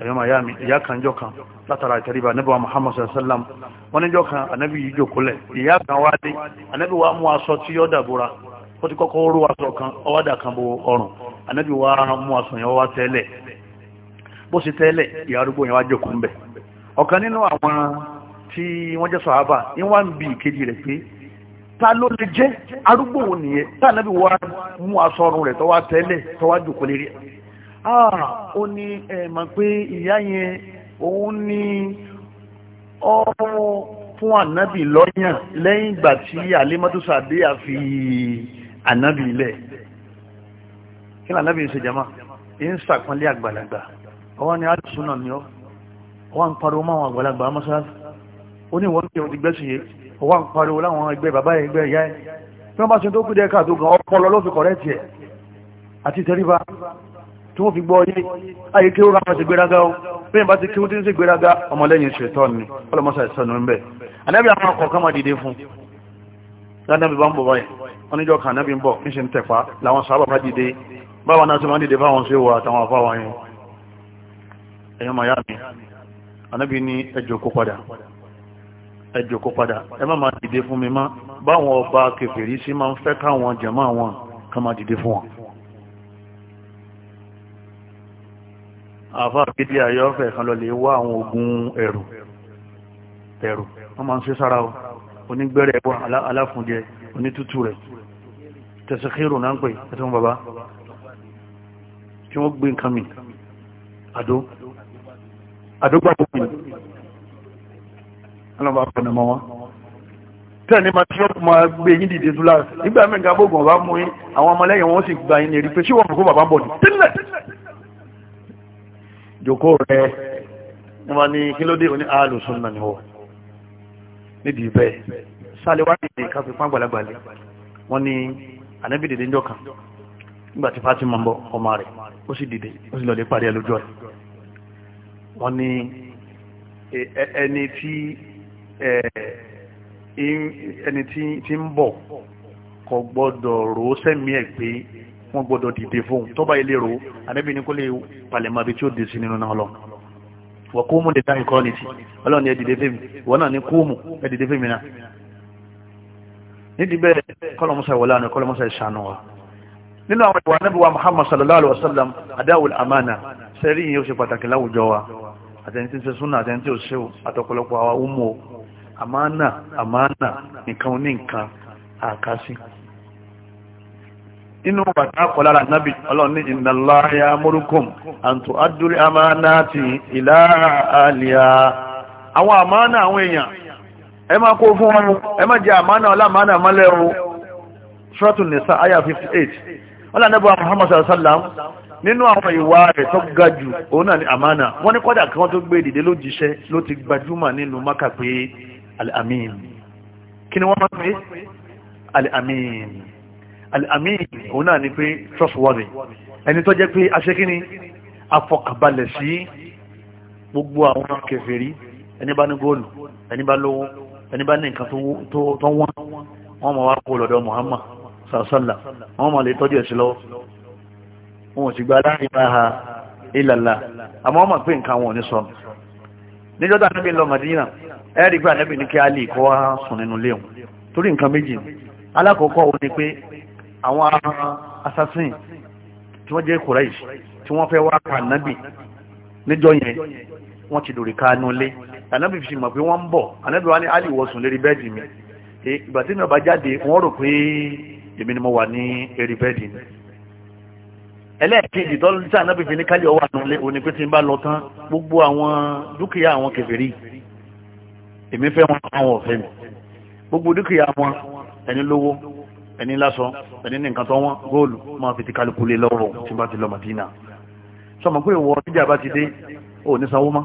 ẹ̀yọ́ màyá mi ìyá kan jọ kan látara ìtẹríba anábíwa muhammad sallam wọ́n níjọ́ kan anábí yìí jòkólẹ̀ ìyá kan wá dé anábí wa mú aṣọ tí yọ́ dàbúra ó ti kọ́kọ́ rú aṣọ kan ọwádà kan bo ọrùn anábí wa mú aṣọ yẹn wá tẹ́lẹ̀ bó sì tẹ́lẹ̀ ìyá arúgbó yẹn wá jòkó ń bẹ̀ ọ̀kan nínú àwọn tí wọ́n jẹ́ sọ̀hábà ní wọ́n ń bi ìkejì rẹ̀ pé ta ló lè jẹ́ arúgbó wo nìyẹn tá anábí wa mú aṣọ ọrùn rẹ̀ tọ́wá ah ó ní ẹ̀ mọ̀ òun ni ọmọ fún ànábì lọ́yàn lẹ́yìn ìgbà tí alimọ́tò sàdé àfi ànábì ilẹ̀ kí ni ànábì ń ṣe jama ń sàpọ́nlé àgbàlagbà ọwọ́ ni alùsùnà ni ọ́ ọwọ́ ń pariwo máwọn àgbàlagbà mọ́sálásí ó ní ìwọ́n ní ọdí gbẹ́sùn yìí ọwọ́ ń pariwo láwọn ẹgbẹ́ bàbá ẹgbẹ́ ìyá ẹ̀ tí wọ́n bá ṣe tó kú dẹ́ káàtó gan ọpọlọ ló fi kọ̀rẹ́tì ẹ̀ àti tẹríba tí wọ́n fi gbọ́ yé ayé kí ó ra wọn ṣe gbéraga o bẹ́yìn bá ti kí wúdí ń sí gbéraga ọmọlẹ́yìn ṣètọ́ ni ọlọ́mọsà ìsọ̀nù ń bẹ̀ anábì àwọn ọkọ̀ kan máa dìde fún lánàbì bá ń bọ̀ báyìí wọ́n níjọ́ kan anábì ń bọ̀ ń ṣe ń tẹ̀pá làwọn sábà bá dìde báwọn náà sì máa ń dìde fáwọn sí wa àtàwọn afá wọn yẹn ẹ̀yọ́ màyá mi anábì ní ẹ jókòó padà ẹ jókòó padà ẹ má máa dìde fún mi má báwọn ọba kèfèrí sí máa ń fẹ́ káwọn jẹ̀mọ́ àwọn kan máa dìde fún wọn àfa àbídí ayọ́fẹ́ kan lọ lè wá àwọn oògùn ẹ̀rù ẹ̀rù wọ́n máa ń ṣe sára o onígbẹ́rẹ̀ ẹ̀wọ́ aláfúnjẹ onítútù rẹ̀ tẹ̀sẹ̀kẹ́rù náà ń pè ẹ̀tọ́ bàbá tí wọ́n gbé nǹkan mi àdó àdógbàgbò mi ọlọ́mà pẹ̀lú ọmọ wọn tẹ́ẹ̀ ní ma tí wọ́n máa gbé yín dìde tó láàrín nígbà mẹ́ga bóògùn ọba mú àwọn ọmọlẹ́yìn wọn sì gba yín ní pé ṣé wọ́n bàbá bọ̀ ní tẹ́lẹ̀ joko rẹ̀ ní wọ́n ní kí ló dé ni wọ́n nídìí bẹ́ẹ̀ sáléwá dìde ká fi pàgbàlagbàlẹ̀ wọ́n ní ànábì dìde ńjọ́ kan nígbà tí bọ́ ọmọ rẹ̀ ó sì dìde ó sì lọ́lẹ̀ parí ẹlójọ́ rẹ̀ wọ́n ní ẹni tí ń wọ́n gbọ́dọ̀ dìde fóun tọ́ba ilé ro ànábì ní kó lè palẹ̀mọ́ àbí tí ó dé sí nínú náà lọ. wọ́n kó mú ní dáhìn kọ́ nìtì ọlọ́run ẹ dìde fèmí wọ́n náà ní kó mú ẹ dìde fèmí náà. nídìí bẹ́ẹ̀ kọ́lọ́mùsà ìwọlá ni kọ́lọ́mùsà ìṣàánú wa. nínú àwọn ìwà anábìwá muhammad sallallahu alayhi wa sallam adáwòl amana sẹ́rí yìí ó ṣe pàtàkì láwùjọ wa àtẹnití ṣe súnà àtẹnití ò ṣe àtọ̀pọ̀lọpọ̀ àwa ó mú amana amana nìkan ní nǹkan àkásí inú bàtà kọlára nábì ọlọ́ni ìnàlá ya múrùkùn àǹtò adúrí amánàtì ìlà àlìyà àwọn àmánà àwọn èèyàn ẹ máa kó fún wọn ẹ má jẹ àmánà ọlámánà mọ́lẹ̀ o ṣọ́tún nìsa aya 58 wọ́n lànà Muhammad sallam nínú àwọn ìwà rẹ̀ tó ga jù òun náà ni àmánà wọ́n ní kọ́dà kí wọ́n tó gbé dìde ló jíṣẹ́ ló ti gbajúmọ̀ nílùú maka pé al kí ni wọ́n máa ń pè al-amin al-amin òun náà ni pé trustworthy ẹni tó jẹ́ pé aṣekíní afọkàbalẹ̀ sí gbogbo àwọn kèfèrí ẹni bá ní góòlù ẹni bá lówó ẹni bá ní nǹkan tó wọ́n wọ́n ma wá kó lọ́dọ̀ Muhammad sàṣọ́là wọ́n ma lè tọ́jú ẹ̀sìn lọ́wọ́ níjọ́ tá níbi lọ Madina ẹ̀rí pé ànábì kọ́ wá sùn nínú léwu torí nǹkan méjì alákọ̀ọ́kọ́ òun ni pé àwọn assassin tí wọ́n jẹ́ Quraish tí wọ́n fẹ́ wá pa ànábì níjọ́ yẹn wọ́n ti dòrè ká nulẹ̀ ànábì fi mọ̀ pé wọ́n ń bọ̀ ànábì wa ní alì wọ̀sùn lérí bẹ́ẹ̀dì mi ìgbà tí mi ò bá jáde wọ́n rò pé èmi ni mo wà ní eré bẹ́ẹ̀dì ni ẹlẹ́ẹ̀kejì tó ń tí ànábì fi ní kálí ọwọ́ ànulẹ̀ òní pé tí n bá lọ tán gbogbo àwọn dúkìá àwọn kèfèrí èmi fẹ́ wọn àwọn ọ̀fẹ́ mi gbogbo dúkìá wọn ẹni lówó ẹni lásọ ẹni ní nǹkan tó wọ́n góòlù máa fi ti kálukú lé lọ́rọ̀ tí bá ti lọ Madina sọmọ pé ìwọ níjà bá ti dé ò ní sanwó mọ́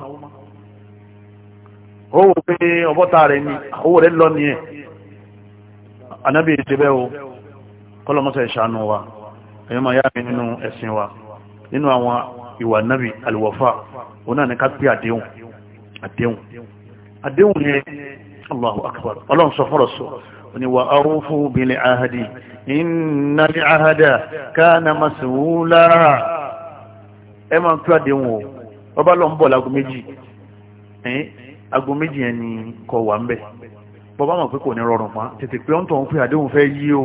ó wò pé ọbọ́ta rẹ̀ ni owó rẹ̀ lọ nìyẹn anábì ètò bẹ́ẹ̀ o kọ́lọ́mọ́sọ̀ ìṣàánú wa ẹ̀yọ́ máa yá mi nínú ẹ̀sìn wa nínú àwọn ìwà nábì àlùwọ̀fà òun náà ní ká pé àdéhùn àdéhùn àdéhùn yẹn Allahu akbar ọlọ́run sọ fọ́rọ̀ sọ ni wà arúfú bil ahadi innal ahada kana mas'ula ẹ máa ń tó àdéhùn o ọba lọ ń bọ̀ lágùn méjì ago méjì yẹn ni kọ wà ń bẹ̀ bọ́bá mọ̀ pé kò ní rọrùn pa tètè pé ọ̀ntọ̀ ń pè àdéhùn fẹ́ yí o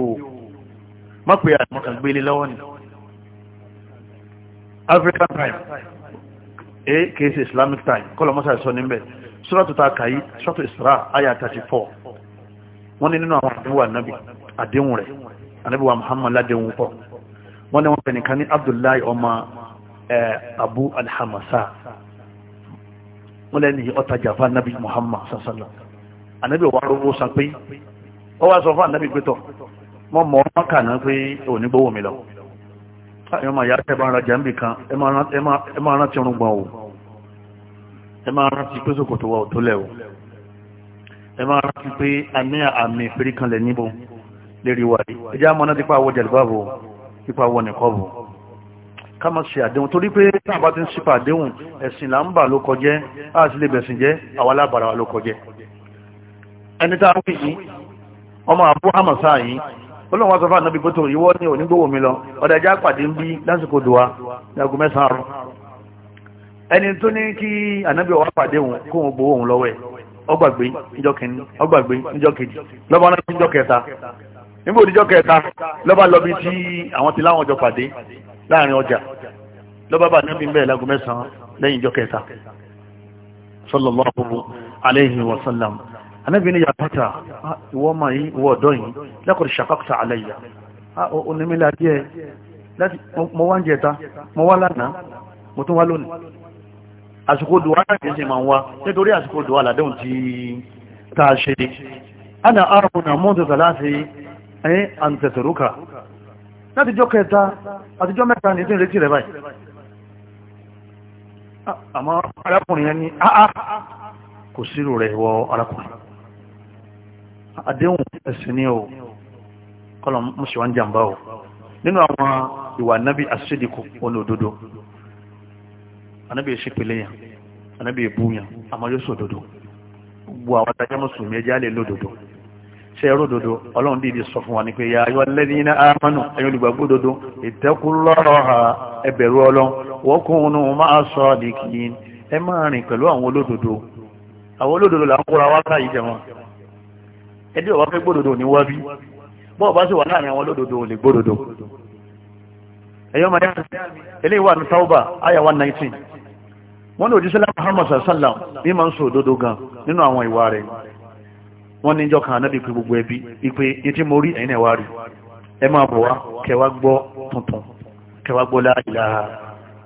má pè àmọ́kàn gbélé lọ́wọ́ ni African time eh kìí ṣe Islamic time kọ́lọ̀ mọ́sá ìsọ níbẹ̀ sọ́ràtútà kàyí sọ́tù Isra ayah 34 wọ́n ní nínú àwọn àdéhùn ànábì àdéhùn rẹ̀ ànábì wa muhammad ládéhùn pọ̀ wọ́n ní wọ́n pè nìkan ní abdullahi ọmọ abu alhamasa wọ́n lẹ́ni ọtajà fún ànábì muhammad sasala ànábì wa arúgbó san pé ó wá sọ fún ànábì pétọ̀ wọ́n mọ̀ ọ́n kà náà pé òní gbówó mi lọ ah, ẹ̀yọ́ máa yá ẹ bá ara jà ń bì kan ẹ máa rántí ọrùn gbọ̀n o ẹ máa rántí pé wa ò tó lẹ̀ o ẹ máa rántí pé a ní àmì ìfèrí kan lẹ̀ níbo lérí wa yìí ẹjẹ́ àmọ́ náà tipa àwọn jẹ̀lúbàbò tipa àwọn nìkọ́bù ká máa ṣe àdéhùn torí pé tá a bá ti ń ṣípa àdéhùn ẹ̀sìn là ń bà ló kọjẹ́ á sì lè bẹ̀sìn jẹ́ àwa lábàrà wa ló kọjẹ́ ẹni tá a wí yìí ọmọ àbú hamasa yìí olóòwò sọfà náà bí pẹ́tò ìwọ ní onígbòwò mi lọ ọ̀dà ẹjẹ́ àpàdé ń bí lásìkò dùwà ní aago mẹ́sàn-án ẹni tó ní kí ànábì ọwọ́ pàdé òun kóun gbowó òun lọ́wọ́ ẹ̀ ọgbàgbé níjọ́ kẹni ọgbàgbé níjọ́ kejì lọ́ba náà níjọ́ kẹta níbo níjọ́ kẹta lọ́ba lọ tí àwọn ti láwọn ọjọ́ pàdé láàrin ọjà lọ́ba bá níbi bẹ́ẹ̀ lágùn mẹ́sàn-án lẹ́yìn kẹta wa sallam ọ̀dọ́ yìí lẹ́kọ̀ọ́ onímìlá díẹ̀ wá ń jẹta wá lánàá mo tún wá lónìí àsìkò dùwà náà sì máa ń wá nítorí àsìkò dùwà làdéhùn tí tá a ṣe ana arùnà mọ́tò tàláṣe ẹ̀yìn àǹtẹ̀tẹ̀rúkà látijọ́ kẹta àtijọ́ mẹ́ta ní tí ń retí rẹ̀ báyìí àmọ́ arákùnrin yẹn ni áá ah, ah, kò sírò rẹ̀ wọ arákùnrin àdéhùn ni o kọ́lọ̀ mọ́síwá ń jàǹbá o nínú àwọn ìwà nábì àṣídìkù olódodo anábì ìṣípele yẹn ànábì ìbúyàn àmọ́ yóò sọ òdodo gbogbo àwọn adájọ́ mùsùlùmí ẹjẹ́ àlè lódodo ṣe ẹrú òdodo ọlọ́run dìde sọ fún wa ni pé ya ayọ́ alladhina amanu ẹ̀yin olùgbàgbọ́ òdodo ittaqullaha ẹ bẹ̀rù ọlọ́run wa kunu ẹ máa rìn pẹ̀lú àwọn olódodo àwọn olódodo là ń kóra wá jẹun ọba fẹ́ gbódodo ní wábí sì wà láàrin àwọn olódodo ò lè gbódodo ẹ̀yọ́ eléyìí wà ní tauba wọ́n ní òjíṣẹ́ láti Muhammad sallam ní ma ń sọ òdodo gan nínú àwọn ìwà rẹ̀ wọ́n ní ìjọkàn anábì pé gbogbo ẹbí ipe etí mo rí ẹ̀yìn ẹ̀wà rí ẹ máa bọ̀ wá kẹwàá gbọ́ tuntun kẹwàá gbọ́ la ilaha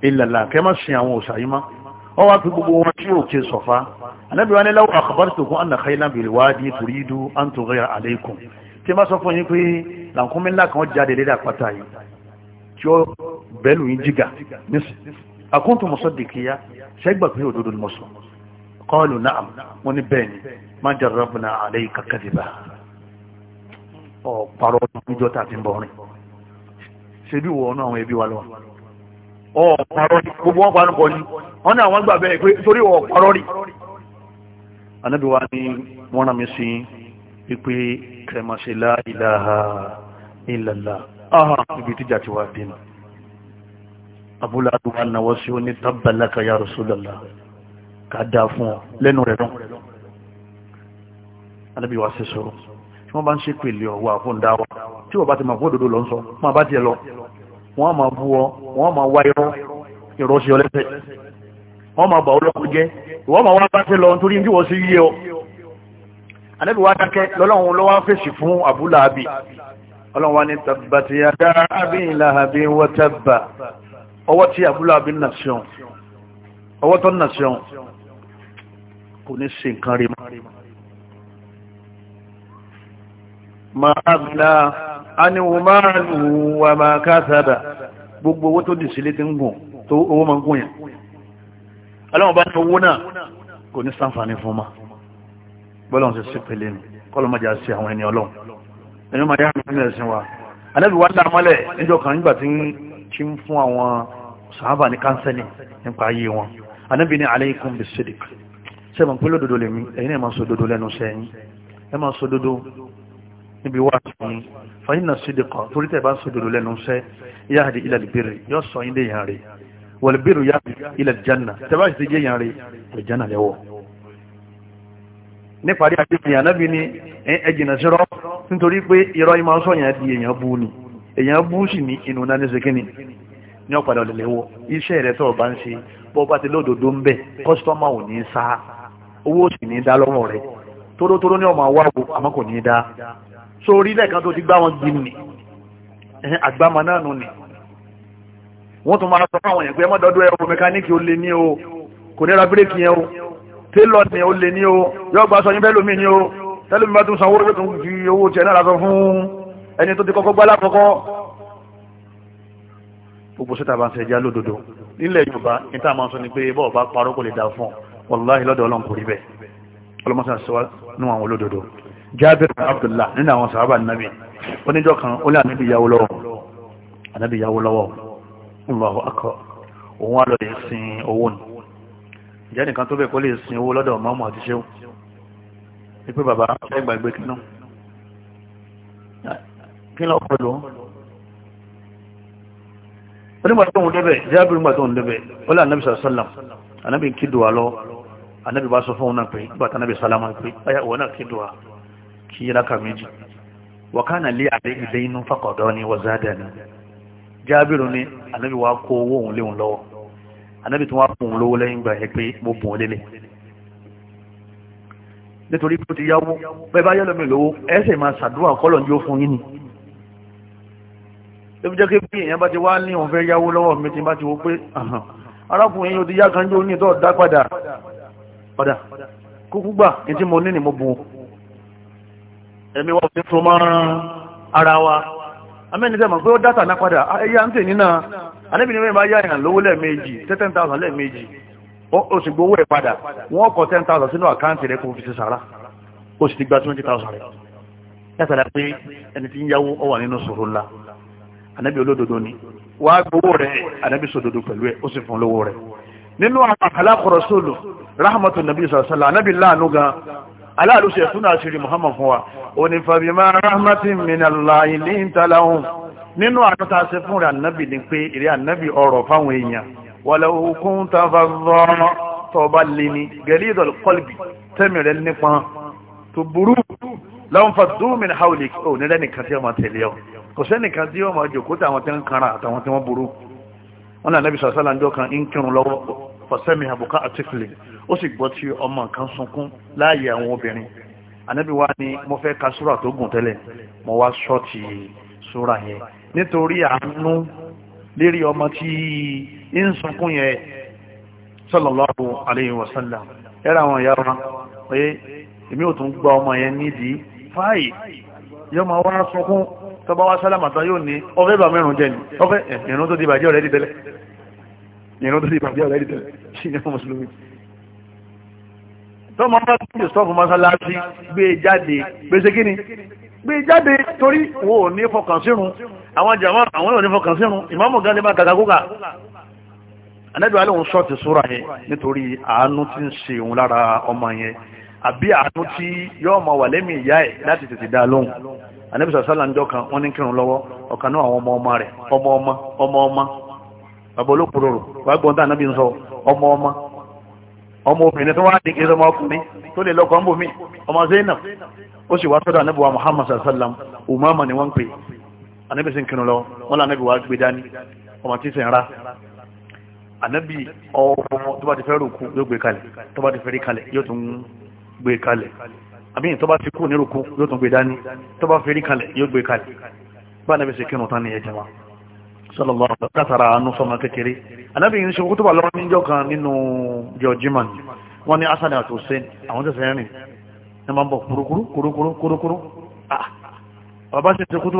illallah kẹ má sin àwọn òòṣà yìí má ọ wá pé gbogbo wọn tí òkè sọ̀fà anábì wa ní law akhbartukum anna khaylan bil wadi turidu an tughira alaykum tí ma sọ fún yín pé làǹkúnmí ńlá kan jáde lédè àpáta yìí tí ó bẹ́lù yín jìgà nísìnyí àkóńtò mọ̀sọ́dìkìyà ṣẹ́gbà pé òdodo ni mo sọ kọ́ọ̀lù náà wọ́n ní bẹ́ẹ̀ ni má jẹ́rọ rọ́bùnà àlẹ́ yìí kankan dìbà ọ̀pàrọ̀ níjọ́ tá a ti ń bọ̀ rìn ṣe bí wọ́n náà àwọn ẹbí wa lọ ọ̀pàrọ̀ ni gbogbo wọn panu pọ̀ ni àwọn gbà pé torí ọ̀pàrọ̀ rí anábì wa ni wọ́n rán mi sí pípé kẹmàṣẹ́lá ìlàlá ibi tíjà ti wá dé abúláàdù wa náwọ́ sí ó ní tábàlákà ya Rasulullah ká dá fún ọ lẹ́nu rẹ̀ rán anábì wa ṣe sọ̀rọ̀ tí wọ́n bá ń ṣe pèlè ọ̀wọ́ àfọ̀ǹdá wa tí wọ́n bá ti máa fún òdodo lọ ń sọ máa bá tiẹ̀ lọ wọ́n máa bú ọ wọ́n máa wá irọ́ irọ́ sí ọ lẹ́sẹ̀ wọ́n máa bà ọ lọ́kùn jẹ́ ìwọ́n máa wá bá ṣe lọ nítorí bí wọ́n ṣe yé ọ anábì wa dákẹ́ lọ́lọ́run ọwọ́ tí abúlá bí nà sí ọ̀hún ọwọ́ tó nà sí ọ̀hún kò ní sí nǹkan rí mọ́. máa àbílá aníwò máa lù wà máa kásáàdà gbogbo owó tó dì sílé ti ń gùn tó owó máa ń gùn yẹn aláwọ̀ ní owó náà kò ní sáǹfààní fún ma bọ́lá ṣe sí pẹ̀lẹ́ ni kọ́lọ́ máa jà sí àwọn ẹni ọlọ́run ẹni máa yá àmì ẹ̀sìn wa anábìwá dá mọ́lẹ̀ níjọ kan nígbà tí tí ń fún àwọn sàhábà ní kánsẹ́lì nípa ayé wọn anábì ní alaykum bis-sidq sẹ́mọ̀ pé lódodo lèmi ẹ̀yin ẹ̀ máa sọ dodo lẹ́nu sẹ́yìn ẹ máa sọ dodo níbi wá sí fa inna as-sidqa torí tẹ̀ bá sọ dodo lẹ́nu sẹ́ yahdi ila al-birri yóò sọ yín déyàn rè wal-birru yahdi di èèyàn èèyàn bú sì ní inú náà ní sekínì ní ọ̀padà ọ̀lẹ̀lẹ̀wọ̀ iṣẹ́ rẹ̀ tó bá ń ṣe bọ́ bá ti lódodo ń bẹ̀ kọ́sítọ́mà ò ní sá owó sì ní dá lọ́wọ́ rẹ̀ tórótóró ní ọmọ awáwo àmọ́ kò ní dá so orílẹ̀ kan tó ti gbá wọn gbin nì àgbàmọ̀ náà nù nì wọ́n tún máa sọ fún àwọn èèyàn pé ẹ má dọ́dọ̀ ẹ o mẹkáníìkì ó lè ní o kò ní ra bírèkì yẹn o télọ̀ ni ó lè ní o yọ̀gbà sọ yín fẹ́ lómi ní o tẹ́lómi bá tún sanwó ó tún fi owó tiẹ̀ náà lásán fún ẹni tó ti kọ́kọ́ gbá lákọ̀ọ́kọ́ gbogbo síta bá ń sẹ́jà lódodo nílẹ̀ yorùbá ní tá a máa sọ ni pé bọ́ọ̀ bá parọ́ kò lè dà fún wàláhì lọ́dọ̀ ọlọ́run kò rí bẹ́ẹ̀ ọlọ́mọsán sọ nù àwọn olódodo jábẹ̀ abdullah nínú àwọn sàhábà nàbì oníjọ́ kan ó lé ànábì yàwó lọ́wọ́ ànábì yàwó lọ́wọ́ Allahu akbar òun á lọ lè sin owó nù ìjẹ́ kí lọ kọlù onígbà tó ń débẹ̀ jábìrì nígbà tó ń débẹ̀ ó lè anábì sàlám anábì kí dùwà lọ anábì bá sọ fún òun náà pé nígbà tó anábì sàlámà pé ayá òun náà kí kí yẹra kà méjì wà ká lé àdé ilé inú fàkọ̀dọ́ ni wà záàdà ni jábìrì ni anábì wá kó owó òun léun lọ́wọ́ anábì tó wá bùn lówó lẹ́yìn gbà yẹ pé mo bùn ó lélẹ̀ nítorí pé ó ti yáwó bẹ́ẹ̀ bá yẹ́lọ́mì lówó ẹ̀ẹ́sẹ̀ máa ṣàdúrà kọ́lọ̀ ní tó fi jẹ́ pé bí bá ti wá ní ọ̀fẹ́ fẹ́ yáwó lọ́wọ́ mi ti bá ti wó pé arákùnrin yóò ti yá kan jó ní ìtọ́ dá padà padà kúkú gbà ní tí mo ní ni mo bù ẹ̀mí wọ́n fi so máa ara wa amẹ́nisẹ́ pé ó padà ah, ń tè nínà mẹ́rin bá yá ìrìn lówó lẹ́ẹ̀mejì lẹ́ẹ̀mejì ó sì gbowó ẹ̀ padà wọ́n sínú àkáǹtì rẹ̀ fi ó sì ti gba rẹ̀ pé ẹni tí ń yáwó nínú sòrò ńlá ànábì olódodo ni wà á gbowó rẹ̀ ànábì sòdodo pẹ̀lú ẹ̀ ó sì fún lówó rẹ̀ nínú àwọn àkàlà kọ̀rọ̀ sóòlù rahmatu nabi sàlá ànábì láàánú gan aláàlú ṣe fún àṣírí muhammad fún wa òní fàbímá rahmatin minallahi ní ìtàláhùn nínú àtúntà ṣe fún rẹ̀ ànábì ni pé ìrẹ́ ànábì ọ̀rọ̀ fáwọn èèyàn wàlẹ̀ òkun tàbàzọ́rọ̀ tọba lè ní gẹ̀rí kọlbì tẹ́mì rẹ̀ nípa tó burú lọ́nfà dúmìn haulik ò nílẹ́nìkan tí ọmọ tẹ̀lé ọ kò sẹ́nìkan tí wọ́n máa jòkó táwọn tí ń kanra àtàwọn tí wọ́n burú wọn náà nẹ́bí sàṣálà ń jọ kan ń kírun lọ́wọ́ fọ́sẹ́mi àbùká àtìfìlì ó sì gbọ́ tí ọmọ kan sunkún láàyè àwọn obìnrin ànábì wa ni mo fẹ́ ka súrà tó gùn tẹ́lẹ̀ mo wá ṣọ́ọ̀tì súrà yẹn nítorí àánú lérí ọmọ tí ń sunkún yẹn sallallahu alayhi wa sallam ẹ̀rọ àwọn ìyá wa pé èmi ò tún gba ọmọ yẹn nídìí fáì yọmọ wa sunkún tọba wá sálámà tán yóò ní ọfẹ́ bà mẹ́rùn jẹ́ ni ọfẹ́ ìrún tó di ìbàjẹ́ ọ̀rẹ́ dìtẹ́lẹ̀ ìrún tó di ìbàjẹ́ ọ̀rẹ́ dìtẹ́lẹ̀ sí ní mùsùlùmí tọ́mọ bá tún lè sọ́ọ̀fù mọ́sálásí gbé e jáde gbèsè kíni gbé e e jáde torí wo ò ní fọkàn sírun àwọn jàmọ́ àwọn ò ní fọkàn sírun ìmáàmù gan ni bá kàkà kúkà anẹ́dùn alẹ́ òun sọ́ọ̀tì súra yẹn nítorí àánú ti ń ṣe òun lára ọmọ yẹn àbí àánú tí yóò máa wà lẹ́mìí ìyá ẹ̀ láti tètè dá lóhùn àníbìsọ̀ sálà ń dọ́kan wọ́n ní kírun lọ́wọ́ ọ̀kan náà àwọn ọmọ ọmọ rẹ̀ ọmọ ọmọ ọmọ ọmọ bàbá ń sọ ọmọ ọmọ ọmọ obìnrin tó wá ní kí ọkùnrin ọmọ ó sì wá sọ́dọ̀ wa Muhammad sallam umama ni wọ́n ń wa gbé dání ọmọ tí sẹ̀ńra ànábì ọmọ tó bá ti fẹ́ rò kú yóò gbé kalẹ̀ tó bá ti gbé kalẹ̀ àbí tó bá ti kú nírùkú yóò tún gbé dání tó bá fèrí kalẹ̀ yóò gbé kalẹ̀ bá nàbí sí kírun tán ní ẹjẹ wa sallallahu alaihi wa sallam anú sọmọ kékeré anábì ń ṣe kó tó bá lọ́wọ́ níjọ́ kan nínú georgiman wọ́n ní asani àti hussein àwọn tẹ̀sẹ̀ rìn ní máa ń bọ̀ kúrúkúrú kúrúkúrú kúrúkúrú ah, bàbá sì ti kú tó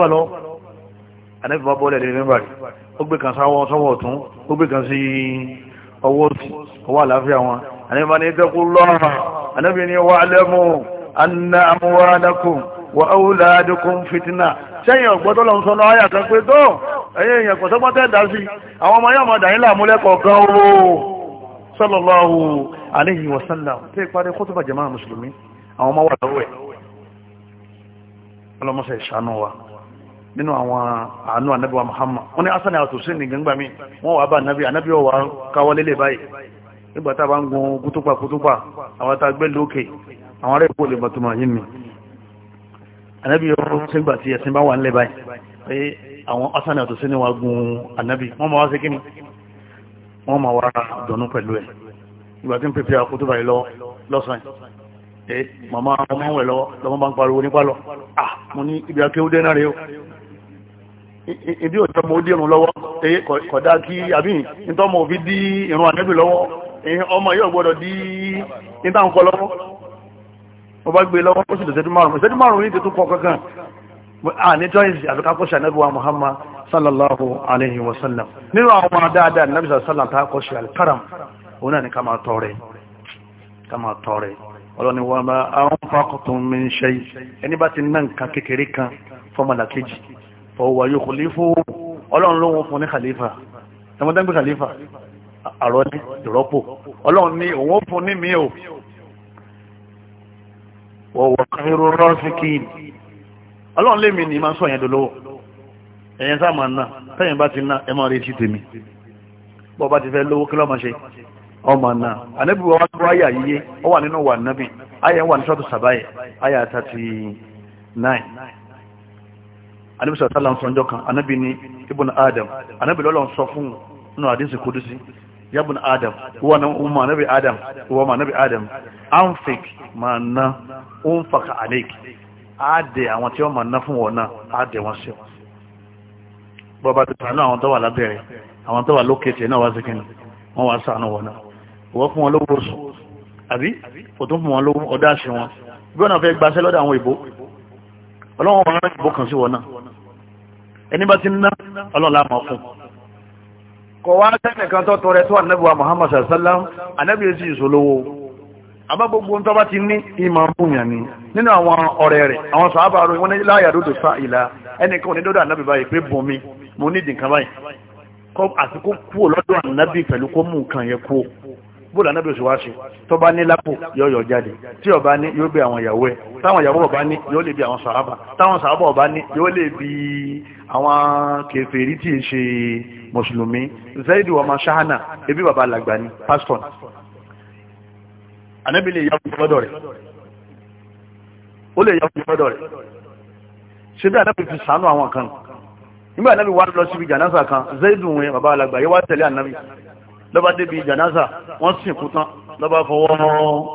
anábì ni wà lẹ́mú anna amúwádàkùn wà áwùládàkùn fìtínà sẹ́yìn ọ̀gbọ́n tó lọ́n sọ́nà ayà kan pé tó ẹ̀yìn èèyàn kò sọ́gbọ́n tẹ́ dá sí àwọn ọmọ yàmọ̀ dàní làmúlẹ́kọ̀ọ́ kan ó sallallahu alayhi wa sallam tí ìparí kó tó bàjẹ́ máa mùsùlùmí àwọn ọmọ wà lọ́wọ́ ẹ̀ ọlọ́mọsẹ̀ wa nínú àwọn àánú ànábì wa Muhammad wọ́n ní asani àtòsí nìgbàmí wọ́n wà bá ànábì ànábì ọwà káwọlélè báyìí nígbà tá a bá ń gun kútúpà kútúpà àwọn tá a gbé lókè àwọn ará ìpò lè bàtúmọ̀ yìí mi ànábì yóò ṣe gbà tí ẹ̀sìn bá wà ń lẹ̀ báyìí pé àwọn asani àtòsí ni wàá gun ànábì wọ́n máa wá sí kíni wọ́n máa wá dọ̀nù pẹ̀lú ẹ̀ ìgbà tí ń pèpè ah mo ní ibi akéwúdé náà rèé o ibi òjò mo dí irun lọ́wọ́ kọ̀dá kí àbí ìtọ́mọ̀ fi dí irun ànẹ́bì lọ́wọ́ ọmọ yóò gbọ́dọ̀ dí ìtànkọ lọ́wọ́ wọ́n bá gbé lọ́wọ́ ó sì tẹ̀sẹ̀dú márùn-ún ìṣẹ́dú márùn-ún ní tètú kọ kankan a ní tọ́yìnsì àti kákọ́ṣẹ́ anábíwá Muhammad sallallahu alaihi wasallam nínú àwọn ọmọ dáadáa nàbí sallam ta kọ́ṣẹ́ alkaram òun náà ni ká máa tọrẹ ká máa tọrẹ ọlọ́ni wa ma anfaqtum min shay ẹni bá ti ná nǹkan kékeré kan fọmọlàkejì fọwọ́ yóò kò lè fún ọlọ́run àrọ́ ní ìrọ́pò ọlọ́run ní òun ó fún ní mi ò wọ̀wọ̀ irun rọ́ọ̀sì kìín ọlọ́run lèmi ni máa ń sọ yẹn dolówó ẹ̀yẹn sáà máa ń ná bá ti ná ẹ máa retí tèmi bọ́ bá ti fẹ́ lówó kí lọ́ọ́ máa ṣe ọmọ náà ànábì wa wá tó àyà yíyé wà nínú wà nábì wà ní sọ́tù sàbáyé sọ̀tà kan ní Adam lọ́lọ́ sọ fún un nínú ya bun adam huwa umma nabi adam huwa ma nabi adam anfik ma na unfaka alik ade àwọn tí ó ma na fún wona ade wọn se bo ba ta na àwọn tó wà lábẹ́rẹ̀ àwọn tó wà lókè na wa se kin wọn wa sa na wona wo fún wọn lówó so àbí o tún fún wọn lówó o da se wọn bí ọ̀nà fẹ́ gba se lọ́dọ̀ àwọn ibo Ọlọ́run wọn ran ibo kan sí wona ẹni bá tin na Ọlọ́run la ma fún kọ̀ wá sẹ́nìkan tó tọrẹ tó ànẹ́bùwà Muhammad sallam ànẹ́bì yẹn sì ìṣòlówó àbá gbogbo tó bá ti ní ìmọ̀ fúnyàn ni nínú àwọn ọ̀rẹ́ rẹ̀ àwọn sàábà rẹ̀ wọ́n ní láyà dòdò fa ìlà ẹnìkan ní dọ́dọ̀ ànẹ́bì báyìí pé bùn mi mo ní ìdìkan báyìí kọ́ àsìkò kúò lọ́dọ̀ ànẹ́bì pẹ̀lú kó mú nǹkan yẹn kúò bóòlù anábì oṣù wá ṣe tó bá ní lápò yóò yọ jáde tí ọba ní yóò bí àwọn ìyàwó ẹ táwọn ìyàwó ọba ní yóò lè bí àwọn sàábà táwọn sàábà ọba ní yóò lè bí àwọn kèfèrí tí ì ṣe mùsùlùmí zaidi wa mashahana ebi baba alàgbà ni pastor anábì lè yàwó lọ́dọ̀ rẹ̀ ó lè yàwó lọ́dọ̀ rẹ̀ ṣe bí anábì fi sànú àwọn kan nígbà anábì wá lọ síbi jàǹdà kan zaidu wọn baba alàgbà yẹ wá tẹ̀lé anábì lọ́ba débi jànáza wọ́n sìnkú tán lọ́ba fọwọ́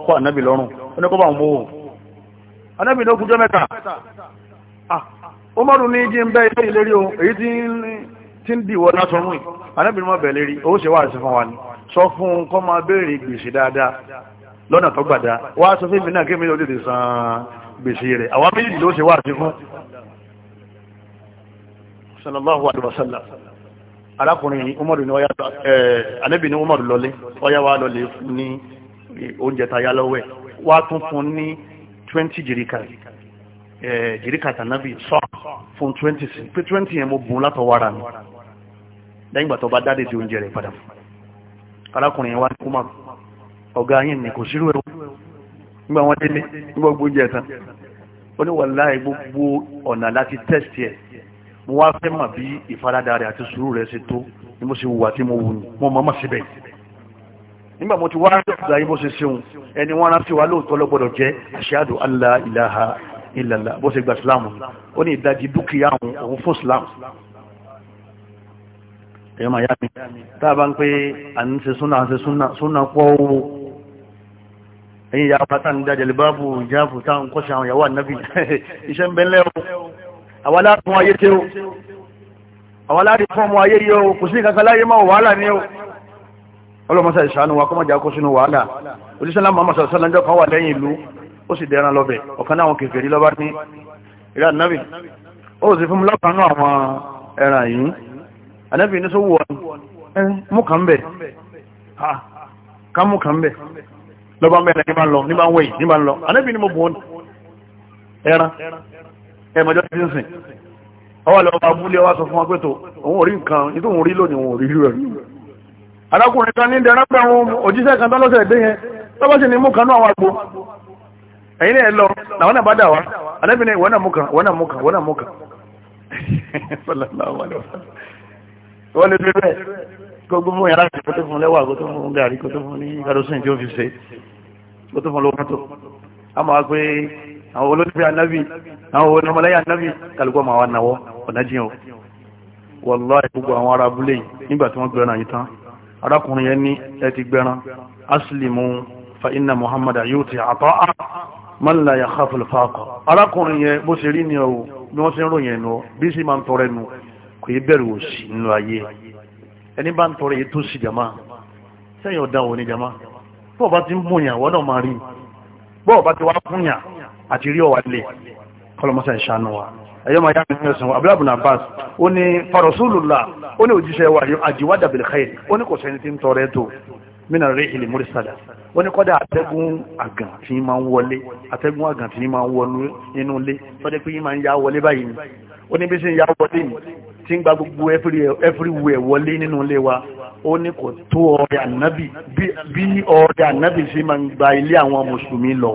kọ́ ànábì lọ́rùn ẹni kọ́ bá ń wọ́wọ́ ànábì ní okùnjọ́ mẹ́ta ó mọ́rún ní jí ń bẹ́ ilé ìlérí o èyí tí ń dìwọ́ lásán mú ànábì ní mọ́ bẹ̀ lérí owó ṣe wà sí fún wa ni sọ fún un kọ́ máa béèrè gbèsè dáadáa lọ́nà tó gbàdá wá sọ fún ìbínú àkémi ló tètè san gbèsè rẹ̀ àwọn méjì ló ṣe wà sí fún sallallahu alaihi wasallam arákùnrin umaru ni anẹ́bì ni umaru lọlé ọya wa lọlé fún ní oúnjẹ tayá lọ́wẹ́ wá tún fún ní 20 jìríkà jìríkà tànàbì sọ fún 20 sí pé 20 yẹn mo bùn látọwọ́ ara mi lẹ́yìn ìgbà tó bá dáde di oúnjẹ rẹ̀ padà arákùnrin wa ní umaru ọ̀gá yìí ní kò sírú ẹ̀rọ nígbà wọn délé nígbà gbogbo oúnjẹ tán ó ní wàláì gbogbo ọ̀nà láti test yẹn mo wá fẹ́ mà bí ìfaradà rẹ̀ àti sùúrù rẹ̀ ṣe tó ni mo ṣe wùwà tí mo wù ní mo mọ̀ mọ̀ síbẹ̀ nígbà mo ti wá ìgbà yìí mo ṣe ṣeun ẹni wọn rántí wa lóòótọ́ ló jẹ́ ashhadu an la ilaha illallah bó ṣe gba islam ó ní ìdajì dúkìá òun òun fún islam ẹ̀yọ́ màá yá mi tá a bá ń pé à ń ṣe súnà à ń ṣe súnà súnà pọ̀ owó ẹ̀yìn ìyá pátá ń dájẹ̀lẹ̀ báàbù ìjáàbù táwọn kọ́ṣẹ́ àwọn aláàrí fún ayé tí ọmọ ayé yóò kò sí ìkankan láyé máa wàhálà ní ó ọlọ́mọsá ìṣàánú wa kọ́mọ̀já kó sínú wàhálà olùsọ́lá mọ́mọ́ sọ̀rọ̀sọ́lá ń jọ́kan wà lẹ́yìn ìlú ó sì dẹran lọ́bẹ̀ ọ̀kan náà kèfèrí lọ́bá ní ìrẹ́ ànábì ó sì fún mi lọ́kàn náà àwọn ẹran yìí ànábì ní sówó wọn mú kàn bẹ̀ ká mú kàn bẹ̀ lọ́bá mẹ́rin ní bá ń lọ ní bá ń wẹ̀ ní ẹmọjọ́ ti ń sìn ọwọ́ lọ bá ọwá sọ fún wọn pé òun ò rí nǹkan nítorí òun rí lónìí òun ò rẹ̀ arákùnrin kan ní dẹ̀rẹ́pẹ̀ òjíṣẹ́ kan tọ́lọ́sẹ̀ dé yẹn tọ́bọ́ ni mú ẹ̀yìn ẹ̀ lọ làwọn náà bá dà wá alẹ́bí ni wọ́n náà mú kan wọ́n náà mú kan wọ́n náà mú kan wọ́n lè gbogbo àwọn olólùfẹ́ anábì àwọn onímọ̀lẹ́yà anábì kálukọ́ máa wá náwọ́ ọ̀dájìyàn wọ́lá ìgbogbo àwọn ará abúlé nígbà tí wọ́n gbẹ̀ràn yìí tán arákùnrin yẹn ní ẹ ti gbẹ̀ràn aslimu fa inna muhammad yuti ata'a man la yakhafu al-faqa arákùnrin yẹn bó ṣe rí ni ọ̀hún bí wọ́n ṣe ń ròyìn ẹnu bí sì máa ń tọrẹ nu àti rí ọ̀wà lè kọlọmọsà ìṣànú wa ẹ̀yọ́ máa yá nínú ẹ̀sùn abúlábùn abbas ó ní farasúlùlá ó ní òjíṣẹ́ wa àjíwádà bilkhair ó ní kò sẹ́ni tí ń tọrẹ tó mina rí ilé múrísàdà ó ní kọ́dà atẹ́gùn àgàn tí máa ń wọlé atẹ́gùn àgàn tí máa ń wọnú inú ilé tọ́jẹ́ pé yín máa ń yá wọlé báyìí ni ó ní bí sí yá wọlé yìí tí ń gba gbogbo everywhere wọlé nínú ilé wa ó ní kò tó ọrẹ ànábì bí ọrẹ ànábì sí máa ń gba ilé àwọn mùsùlùmí lọ